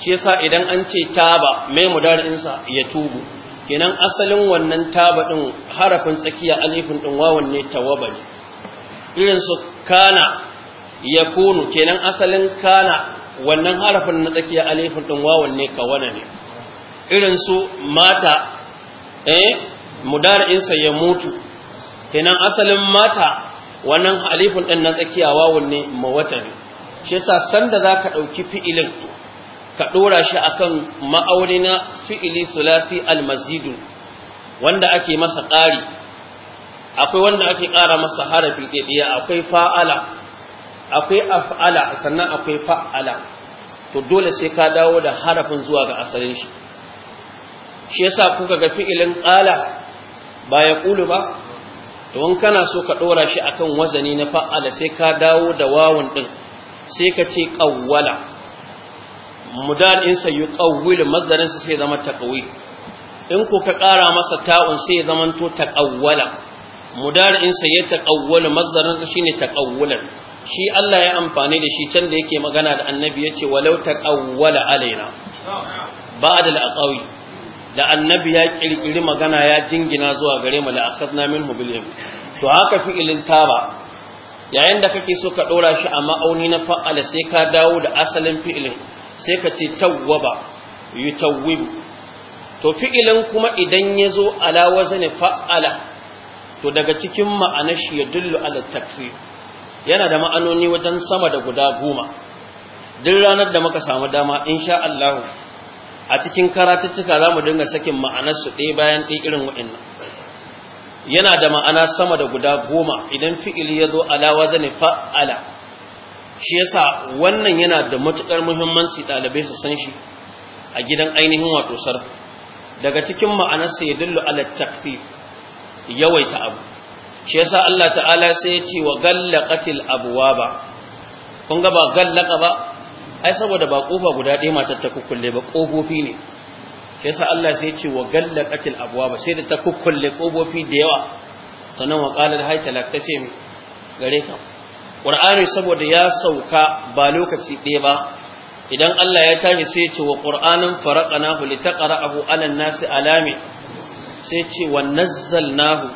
shi yasa idan an ce taba mai mudari'insa ya tubu kenan asalin wannan taba din harafin tsakiya alifin din wawan ne tawaba ne irin su kana kunu kenan asalin kana wannan harafin na tsakiya alifin din wawan ne kawana ne irin su mata eh mudari'insa ya mutu kenan asalin mata wannan halifun ɗin na tsakiya wawon ne mawatari shi yasa sanda za ka ɗauki fi'ilin ka ɗora shi a kan ma'auni na fi'ili sulati almazidu wanda ake masa ƙari akwai wanda ake ƙara masa harafi ɗaya akwai fa'ala akwai af'ala sannan akwai fa'ala to dole sai ka dawo da harafin zuwa ga asalin shi shi yasa kuka ga fi'ilin ƙala ba ya ƙulu ba don kana so ka ɗora shi a kan wazani na fa'ala sai ka dawo da wawon ɗin sai ka ce ƙawwala mudan in yi ƙawwil mazdarinsa sai zama taƙawi in ko ka ƙara masa ta'un sai zama to taƙawwala mudan in sayi taƙawwala mazdarinsa ne taƙawwalan shi Allah ya amfani da shi can da yake magana da annabi ya ce walau taƙawwala alaina ba'da da annabi ya kirkiri magana ya jingina zuwa gare mu la akhadna minhu bil to haka fi'ilin taba yayin da kake so ka dora shi a ma'auni na fa'ala sai ka dawo da asalin fi'ilin sai ka ce tawwaba yutawwib to fi'ilin kuma idan ya zo ala wazan fa'ala to daga cikin ma'anar shi ya dullu ala takfir yana da ma'anoni wajen sama da guda goma duk ranar da muka samu dama insha Allah a cikin karatuttuka za mu dinga sakin ma'anarsu ɗaya bayan ɗaya irin wa'in yana da ma'ana sama da guda goma idan fi'il ya zo alawa zane fa'ala shi yasa wannan yana da matuƙar muhimmanci ɗalibai su san shi a gidan ainihin wato sarf daga cikin ma'anarsa ya dillu ala takfif yawaita abu shi yasa Allah ta'ala sai ya ce wa gallaqatil abwaba kun ga ba gallaqa ba ai saboda ba kofa guda ɗaya matar ta kukkulle ba kofofi ne shi yasa Allah sai ce wa gallaqatil ba, sai da ta kukkulle kofofi da yawa sannan wa qalat haytalak tace mi gare ka qur'ani saboda ya sauka ba lokaci ɗaya ba idan Allah ya tashi sai ya ce wa qur'anin faraqnahu abu 'alan nasi alami sai ce wa nahu.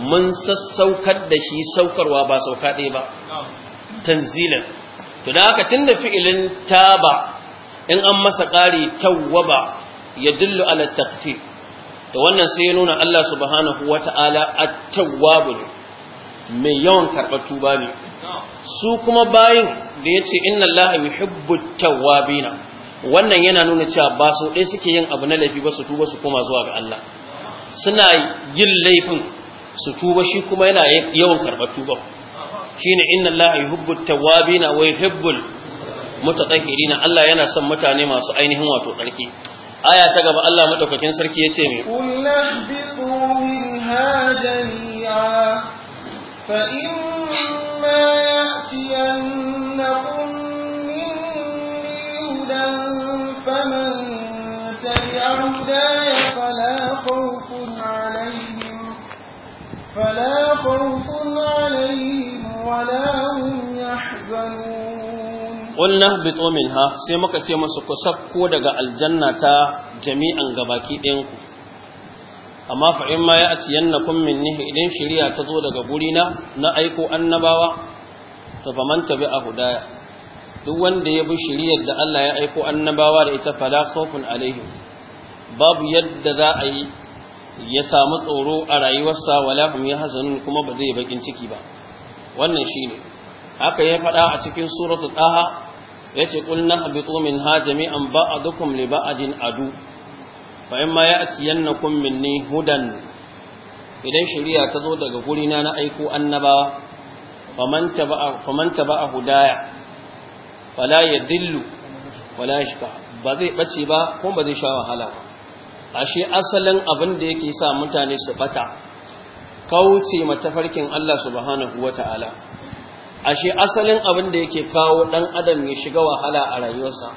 mun sassaukar da shi saukarwa ba sauka ɗaya ba Tanzilan. to da haka da fi'ilin taba in an masa ƙari tawwaba ya dillu ala taqtir da wannan sai ya nuna Allah subhanahu a at-tawwab mai yawan karɓar tuba ne su kuma bayin da yace inna Allah yuhibbu at na, wannan yana nuna cewa ba su ɗaya suke yin abu na laifi ba su tuba su koma zuwa ga Allah suna yin laifin su tuba shi kuma yana yawan karɓar tuba shine inna allaha yuhibbu at-tawwabina wa yuhibbul mutatahhirina Allah yana son mutane masu ainihin wato tsarki aya ta gaba Allah madaukakin sarki yace me kullahu minha jami'a fa imma ya'tiyannakum minni hudan faman tabi'a hudaya fala khawfun alayhim fala khawfun alayhim ولا هم يحزنون قلنا منها sai muka ce musu ku sakko daga aljanna ta jami'an gabaki ɗayan ku amma fa in ma ya'tiyannakum minni idan shari'a ta zo daga gurina na aiko annabawa to fa man tabi'a hudaya duk wanda ya bi shari'ar da Allah ya aiko annabawa da ita fala khawfun alaihim babu yadda za a yi ya samu tsoro a rayuwarsa wala hum yahzanun kuma ba zai bakin ciki ba wannan shi ne. haka ya faɗa a cikin suratu taha yace qul nahbitu ha jami'an liba a jin adu ya ciyan na kummin ne hudan idan shari'a ta zo daga gurina na aiko annaba, famanta ba a hudaya fala fala wala shika ba zai bace ba kuma ba zai sha wahala ba ashe asalin abin da yake sa mutane su bata kauce matafarkin Allah subhanahu wa ta'ala ashe asalin abin da yake kawo dan adam ya shiga wahala a rayuwarsa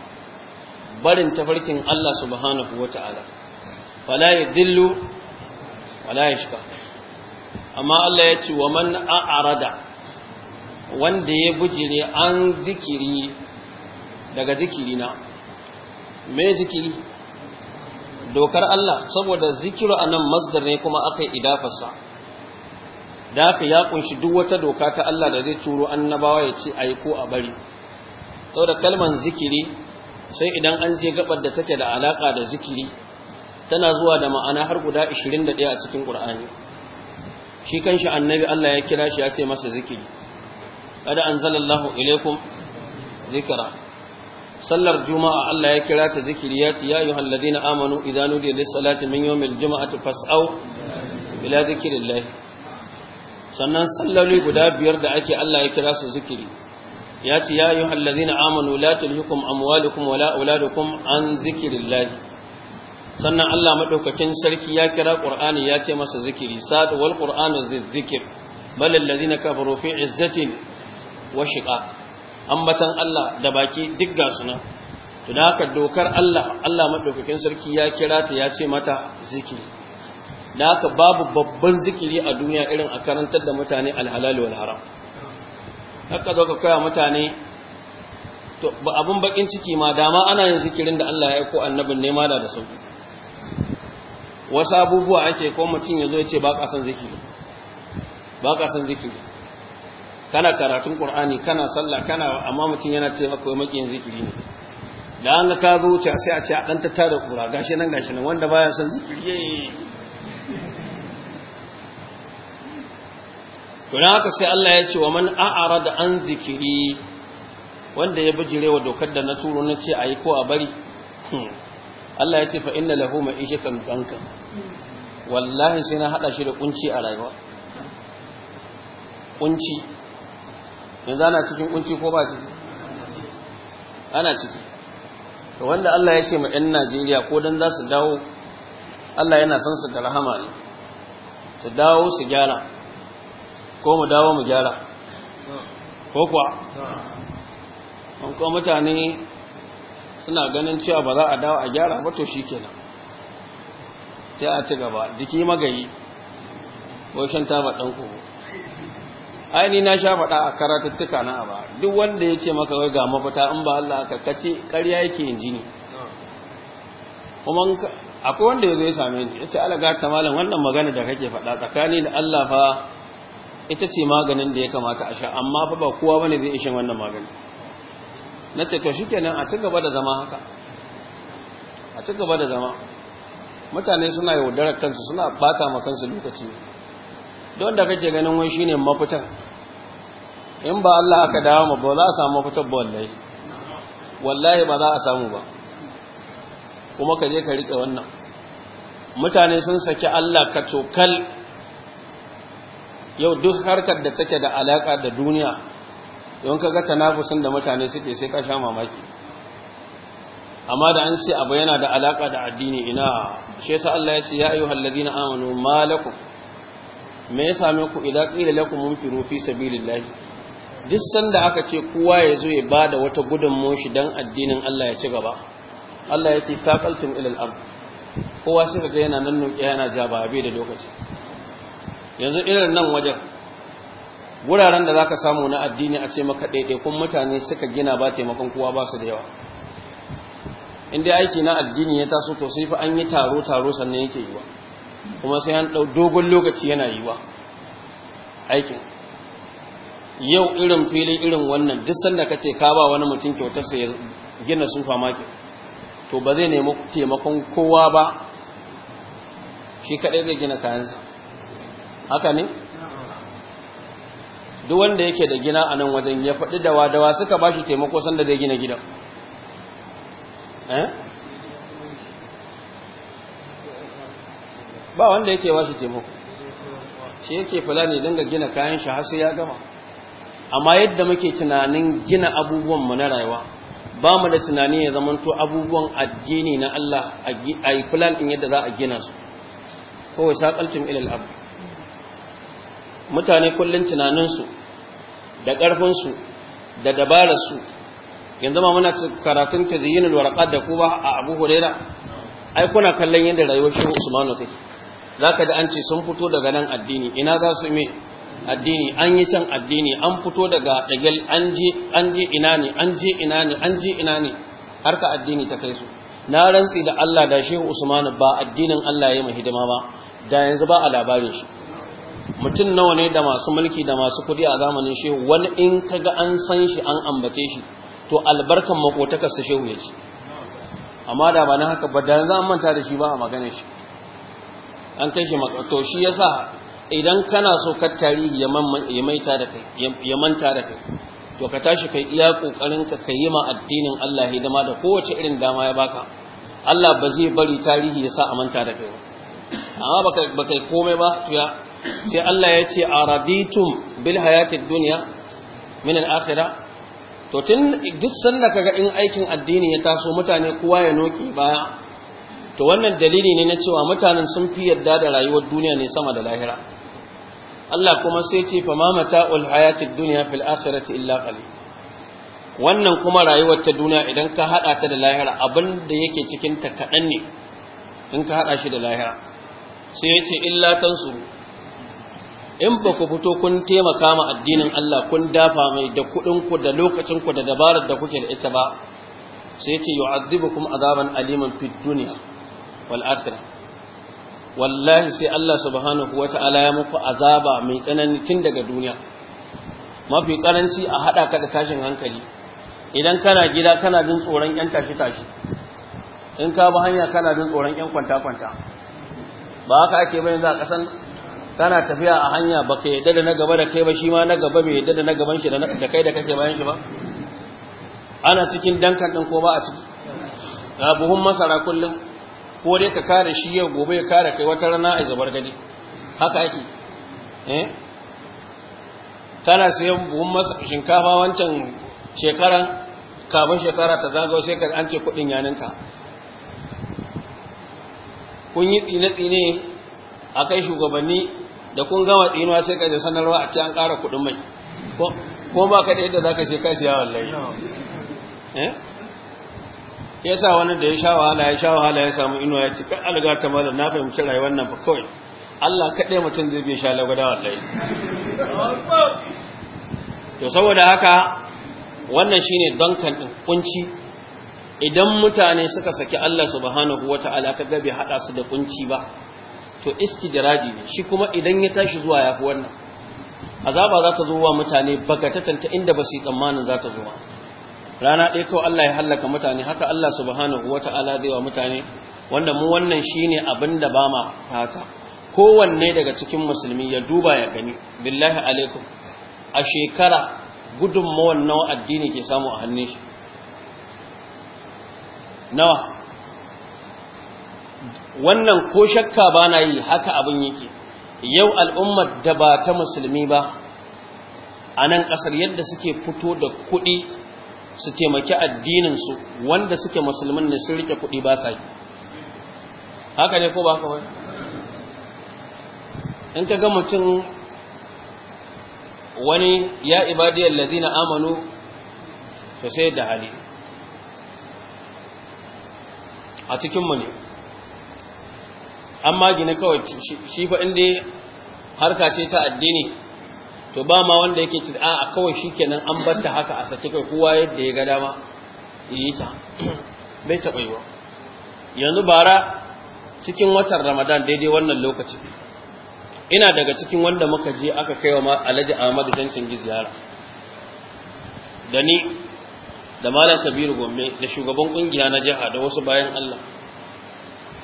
barin tafarkin Allah subhanahu wa ta’ala, fala yadillu wala yashqa amma Allah ya ce wa man a'rada wanda ya bujire an zikiri daga zikirina me zikiri dokar Allah saboda zikiru a nan masdar ne kuma aka yi idafarsa da haka ya kunshi duk wata doka ta Allah da zai turo annabawa ya ce ayi ko a bari saboda kalman zikiri sai idan an je gabar da take da alaka da zikiri tana zuwa da ma'ana har guda 21 a cikin Qur'ani shi kanshi annabi Allah ya kira shi ya ce masa zikiri kada anzalallahu ilaikum zikra sallar juma'a Allah ya kira ta zikiri ya ce ya yi halladina amanu idanu da salati min yawmil juma'ati fas'au ila zikrillah sannan salloli guda biyar da ake Allah ya kira su zikiri ya ce ya yi hallazina amanu la tulhikum amwalukum wala auladukum an zikirin zikrillah sannan Allah madaukakin sarki ya kira Qur'ani ya ce masa zikiri Saduwal wal zikir, zikr na allazina kafaru fi izzatin wa shiqaq ambatan Allah da baki duk ga suna to haka dokar Allah Allah madaukakin sarki ya kira ta ya ce mata zikiri da haka babu babban zikiri a duniya irin a karantar da mutane alhalali wal haram haka zo ka koya mutane to abun bakin ciki ma dama ana yin zikirin da Allah ya aiko annabin ne ma da da sauki wasu abubuwa ake ko mutum ya zo ya ce ba ka san zikiri ba ka san zikiri kana karatun qur'ani kana sallah kana amma mutum yana ce akwai makiyin zikiri ne da an ka zo wuce sai a ce a dan tattara kura gashi nan gashi nan wanda baya san zikiri to haka sai Allah ya ce wa man a'ara da an zikiri wanda ya bijire wa dokar da na turo na ce a yi ko a bari hmm. Allah ya ce fa inna lahu ma'ishatan danka wallahi sai na hada shi da kunci a rayuwa kunci yanzu ana cikin kunci ko ba shi? ana ciki to wanda Allah ya ce ma 'yan Najeriya ko dan za su dawo Allah yana son su da rahama ne su dawo su gyara ko mu dawo mu gyara ko kuwa ko mutane suna ganin cewa ba za a dawo a gyara ba to shikenan sai a ci gaba jiki magayi washin taba dan kogo aini na sha faɗa a karatuttuka na ba duk wanda ya ce maka wai ga mafita in ba Allah ka kace ƙarya yake yin jini kuma akwai wanda ya zo ya same ni ya ce alaga ta malam wannan magana da kake faɗa tsakani da Allah fa ita ce maganin da ya kamata a sha amma fa ba kowa bane zai ishin wannan magani na ce to shikenan a ci da zama haka a ci gaba da zama mutane suna yaudarar kansu suna bata ma kansu lokaci don da kake ganin wai shine mafitar in ba Allah aka dawo ma ba za a samu mafitar ba wallahi wallahi ba za a samu ba kuma ka je ka rike wannan mutane sun saki Allah ka cokal yau duk harkar da take da alaka da duniya don kaga tanafusin da mutane suke sai ka sha mamaki amma da an ce abu yana da alaka da addini ina shi yasa Allah ya ce ya ayyuhal ladina amanu malakum me ya same ku idan qila lakum munfiru fi sabilillahi duk sanda aka ce kowa ya zo ya bada wata gudunmuwar shi dan addinin Allah ya ci gaba Allah ya ce taqaltum ila al-ard kowa sai ga yana nan yana jaba bai da lokaci yanzu irin nan wajen wuraren da za ka samu na addini a ce maka ɗaiɗaikun mutane suka gina ba taimakon kowa ba su da yawa inda aiki na addini ya taso to sai fi an yi taro-taro sannan yake yiwa kuma sai an ɗau dogon lokaci yana yiwa aikin yau irin fili irin wannan duk sanda ka ce ka ba wani mutum kyautarsa ya gina supermarket to ba zai nemi taimakon kowa ba shi kaɗai zai gina kayansa haka ne duk wanda yake da gina a nan wajen ya faɗi da wadawa suka ba shi taimako sanda zai gina gidan eh? ba wanda yake ba shi taimako shi yake fulani dinga gina kayan shi har sai ya gama amma yadda muke tunanin gina abubuwan mu na rayuwa ba mu da tunani ya zamanto abubuwan addini na Allah a yi plan din yadda za a gina su kowai sakalcin ilal abu mutane kullum tunaninsu da ƙarfinsu da dabararsu yanzu ma muna karatun tazyinul warqat da ku a Abu hulera ai kuna kallon yadda rayuwar Shehu Usmanu Za ka da an ce sun fito daga nan addini ina za su ime addini an yi can addini an fito daga ɗagel an je ina ne an je ina ne an je ina ne har ka addini ta kai su na rantsi da Allah da Shehu Usmanu ba addinin Allah ya yi hidima ba da yanzu ba a labarin shi mutum nawa ne da masu mulki da masu kudi a zamanin shehu wani in kaga an san shi an ambace shi to albarkan makotaka su shehu ya ce. amma da ba na haka ba da za a manta da shi ba a magana shi an kai shi to shi yasa idan kana so ka tarihi ya maita da kai ya manta da kai to ka tashi kai iya kokarin ka kai ma addinin Allah hidima da kowace irin dama ya baka Allah ba zai bari tarihi ya sa a manta da kai amma baka baka komai ba to ya sai Allah ya ce araditum bil hayatid dunya min al akhirah to tun duk sanda kaga in aikin addini ya taso mutane kowa ya noki baya to wannan dalili ne na cewa mutanen sun fi yadda da rayuwar duniya ne sama da lahira Allah kuma sai ce fa ma mata'ul hayatid dunya fil akhirati illa qalil wannan kuma rayuwar ta duniya idan ka hada ta da lahira abin da yake cikin ta kadan ne in ka hada shi da lahira sai ya ce illa tansuru in ba ku fito kun taimaka ma addinin Allah kun dafa mai da kuɗinku da lokacin ku da dabarar da kuke da ita ba sai yace yu'adhibukum azaban aliman fid dunya wal akhirah wallahi sai Allah subhanahu wata'ala ya muku azaba mai tsanani tun daga duniya mafi karanci a hada ka da tashin hankali idan kana gida kana jin tsoron yan tashi tashi in ka bi hanya kana jin tsoron yan kwanta kwanta ba haka ake bayan za a kasan kana tafiya a hanya baka yadda da na gaba da kai ba shi ma na gaba bai yadda da na gaban shi da kai da kake bayan shi ba ana cikin dankan din ko ba a ciki ga buhun masara kullum ko dai ka kare shi yau gobe ya kare kai wata rana a zubar gadi haka yake eh kana sayan buhun masara shinkafa wancan shekaran kafin shekara ta zagawa sai ka an ce kudin yaninka kun yi tsine-tsine a kai shugabanni da kun gama tsinuwa sai ka je sanarwa a ce an ƙara kuɗin mai ko ba ka da yadda za ka sheka siya wallahi eh? ya sa wani da ya sha wahala ya sha wahala ya samu inuwa ya ci kan alga ta malam na fahimci rayuwar nan ba kawai Allah kaɗai mutum zai biya sha lagwada wallahi to saboda haka wannan shine dankan ɗin kunci idan mutane suka saki Allah subhanahu wataala ga bai haɗa su da kunci ba to istidraji ne shi kuma idan ya tashi zuwa ya fi wannan azaba za ta zo wa mutane baka tatanta inda ba su yi tsammanin za ta zo rana ɗaya kawai Allah ya hallaka mutane haka Allah subhanahu wa ta'ala zai wa mutane wanda mu wannan shine abin da ba ma haka kowanne daga cikin musulmi ya duba ya gani billahi alaikum a shekara gudunmawar nawa addini ke samu a hannun shi nawa wannan ko shakka ba na yi haka abin yake yau al'ummar da ba ta musulmi ba a nan ƙasar yadda suke fito da kuɗi su taimaki addininsu wanda suke musulmin ne sun riƙe kuɗi ba sa yi haka ne ko ba kawai in ka ga mutum wani ya ibadiyar ladina amanu sosai da hali a cikinmu ne an magina kawai shi fa inda harka ce ta addini to ba ma wanda yake ci a kawai shikenan an barta haka a sake kai kowa yadda ya ga dama yi ta bai taɓa yi yanzu bara cikin watan ramadan daidai wannan lokaci ina daga cikin wanda muka je aka kai wa alhaji ahmadu jansin gi ziyara da ni da malam kabiru gombe da shugaban kungiya na jiha da wasu bayan allah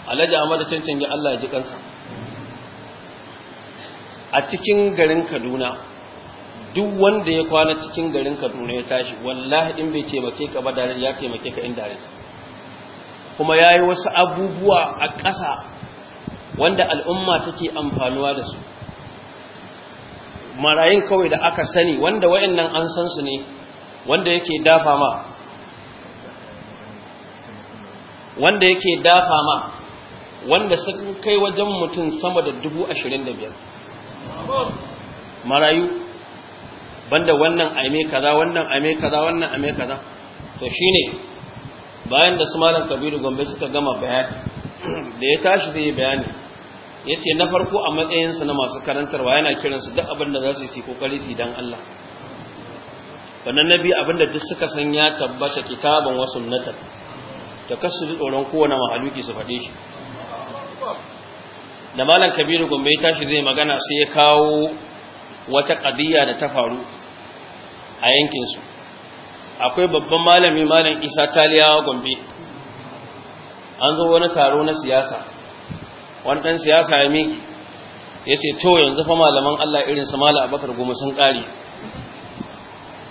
a ahmad cancan ya Allah ya ji kansa a cikin garin Kaduna duk wanda ya kwana cikin garin Kaduna ya tashi wallahi in bai taimake ka ba dare ya taimake ka rai kuma ya yi wasu abubuwa a ƙasa wanda al'umma take amfanuwa da su marayin kawai da aka sani wanda wayannan an san su ne wanda yake dafa ma wanda yake dafa ma wanda sun kai wajen mutum sama da dubu ashirin da biyar marayu banda wannan aime kaza wannan aime kaza wannan aime kaza to shi ne bayan da su malam kabiru gombe suka gama bayani da ya tashi zai yi bayani ya ce na farko a matsayinsu na masu karantarwa yana kiransu duk abin da za su yi kokari su don Allah wannan biyu abin da duk suka san ya tabbata kitaban wasu natar da kasu tsoron kowane mahaluki su faɗe shi da malam kabiru gombe ya tashi zai magana sai ya kawo wata ƙadiyya da ta faru a yankinsu akwai babban malami malam isa taliyawa gombe an zo wani taro na siyasa wani ɗan siyasa ya mi ya ce to yanzu fa malaman allah irin su malam abakar gumi sun ƙari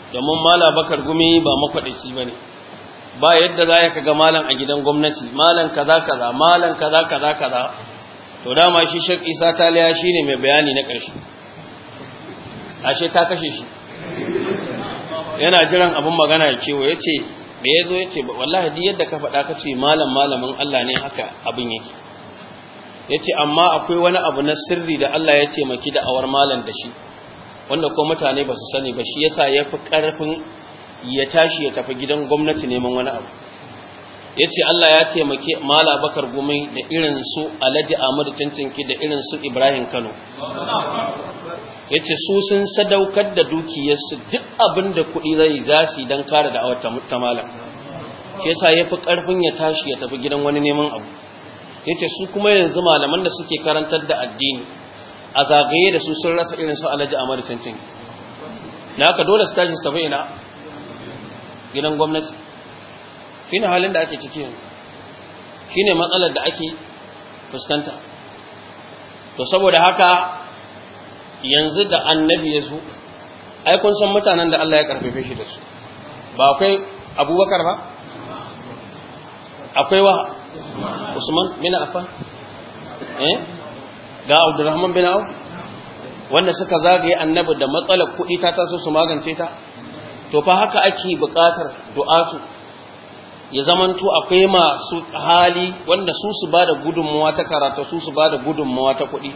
domin Malam abakar gumi ba makwaɗaci ba ne ba yadda za ka ga malam a gidan gwamnati malam kaza kaza malam kaza kaza kaza to dama shi shek isa taliya shi ne mai bayani na ƙarshe ashe ta kashe shi yana jiran abin magana ya ce ya ce da ya zo ya ce wallahi duk yadda ka faɗa ka ce malam malamin Allah ne haka abin yake ya ce amma akwai wani abu na sirri da Allah ya ce maki da awar malam da shi wanda ko mutane ba su sani ba shi yasa ya fi ƙarfin ya tashi ya tafi gidan gwamnati neman wani abu ya ce Allah ya taimake mala bakar gumi da irin su alhaji amur cancanki da irin su ibrahim kano ya ce su sun sadaukar da dukiyarsu duk abin da kuɗi zai gasi don kare da awata ta mala ke sa ya fi ƙarfin ya tashi ya tafi gidan wani neman abu ya ce su kuma yanzu malaman da suke karantar da addini a zagaye da su sun rasa irin su alhaji amur cancanki na ka dole su tashi su tafi ina gidan gwamnati shine halin da ake ciki shine matsalar da ake fuskanta to saboda haka yanzu da annabi ya ai kun san mutanen da Allah ya karfafe shi da su ba akwai abubakar ba akwai wa usman bin affan eh ga abdurrahman bin awf wanda suka zagaye annabi da matsalar kuɗi ta taso su magance ta to fa haka ake buƙatar du'atu ya zamanto akwai masu hali wanda su su ba da gudunmawa ta karatu su su ba da gudunmawa ta kuɗi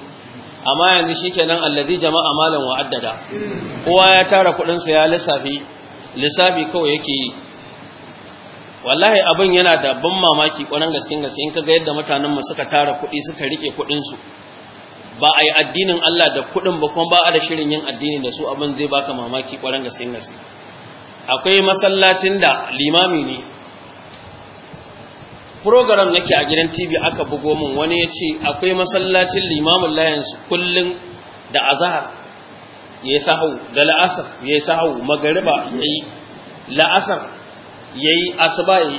amma yanzu shi kenan allazi jama'a malam wa'addada kowa ya tara kuɗinsa ya lissafi lissafi kawai yake yi wallahi abin yana da ban mamaki ƙwanan gaskin gaske in kaga yadda mutanenmu suka tara kuɗi suka riƙe kuɗinsu ba a yi addinin Allah da kuɗin ba kuma ba a da shirin yin addini da su abin zai baka mamaki ƙwanan gaskin gaske akwai masallacin da limami ne program nake a gidan TV aka bugo min wani ya ce akwai masallacin limamin layansu kullum da azahar ya yi sahau da la'asar ya yi sahau magariba ya yi la'asar ya yi asuba ya yi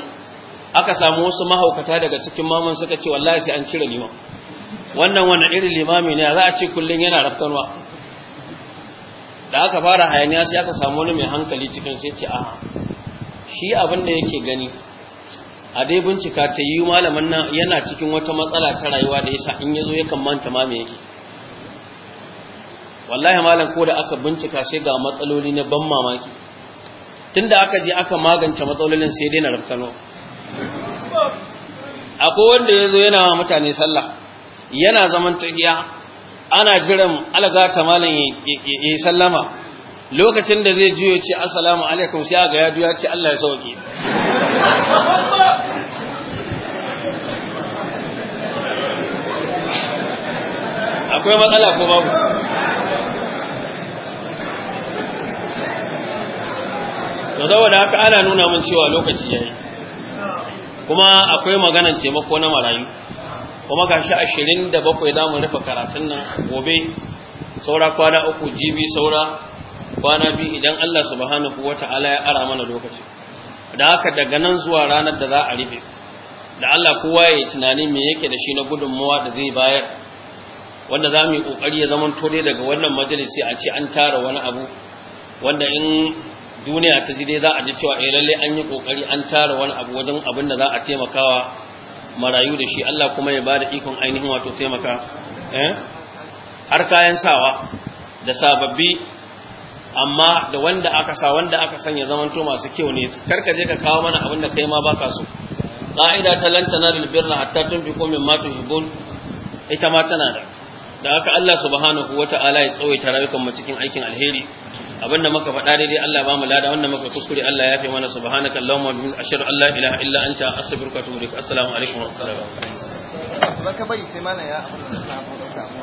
aka samu wasu mahaukata daga cikin maman suka ce wallahi sai an cire liman wannan wannan irin limami ne za a ce kullum yana raftanwa da aka fara hayaniya sai aka samu wani mai hankali cikin sai ce a shi abin da yake gani a dai bincika ta yi malamin nan yana cikin wata matsala ta rayuwa da yasa in yazo yakan manta ma me yake wallahi malam ko da aka bincika sai ga matsaloli na ban mamaki tunda aka je aka magance matsalolin sai dai na rafkano akwai wanda yazo yana wa mutane sallah yana zaman tafiya. ana jiran ta malam ya sallama lokacin da zai jiyo ce assalamu alaikum sai ga yadu ya ce Allah ya sauke akwai matsala ko babu to saboda haka ana nuna mun cewa lokaci yayi kuma akwai maganan taimako na marayu kuma gashi ashirin da bakwai zamu rufe karatun nan gobe saura kwana uku jibi saura kwana biyu idan Allah subhanahu wata'ala ya ara mana lokaci da haka daga nan zuwa ranar da za a rufe da Allah kowa ya tunani me yake da shi na gudunmawa da zai bayar wanda za mu yi ƙoƙari ya zama tore daga wannan majalisi a ce an tara wani abu wanda in duniya ta ji dai za a ji cewa eh lalle an yi ƙoƙari an tara wani abu wajen abin da za a taimakawa marayu da shi Allah kuma ya bada ikon ainihin wato taimaka eh har kayan sawa da sababbi amma da wanda aka sa wanda aka sanya zaman to masu kyau ne karka je ka kawo mana abin da kai ma baka so qa'ida ta lan tanalul birra hatta tunfiqu mimma tuhibbun ita ma tana da da haka Allah subhanahu wata'ala ya tsawaita rayukan mu cikin aikin alheri abinda muka faɗa daidai Allah ba mu lada wanda muka kuskure Allah ya fi mana subhanaka allahumma wa bihamdika ashhadu an la ilaha illa anta astaghfiruka wa atubu ilaik assalamu alaikum wa rahmatullahi wa barakatuh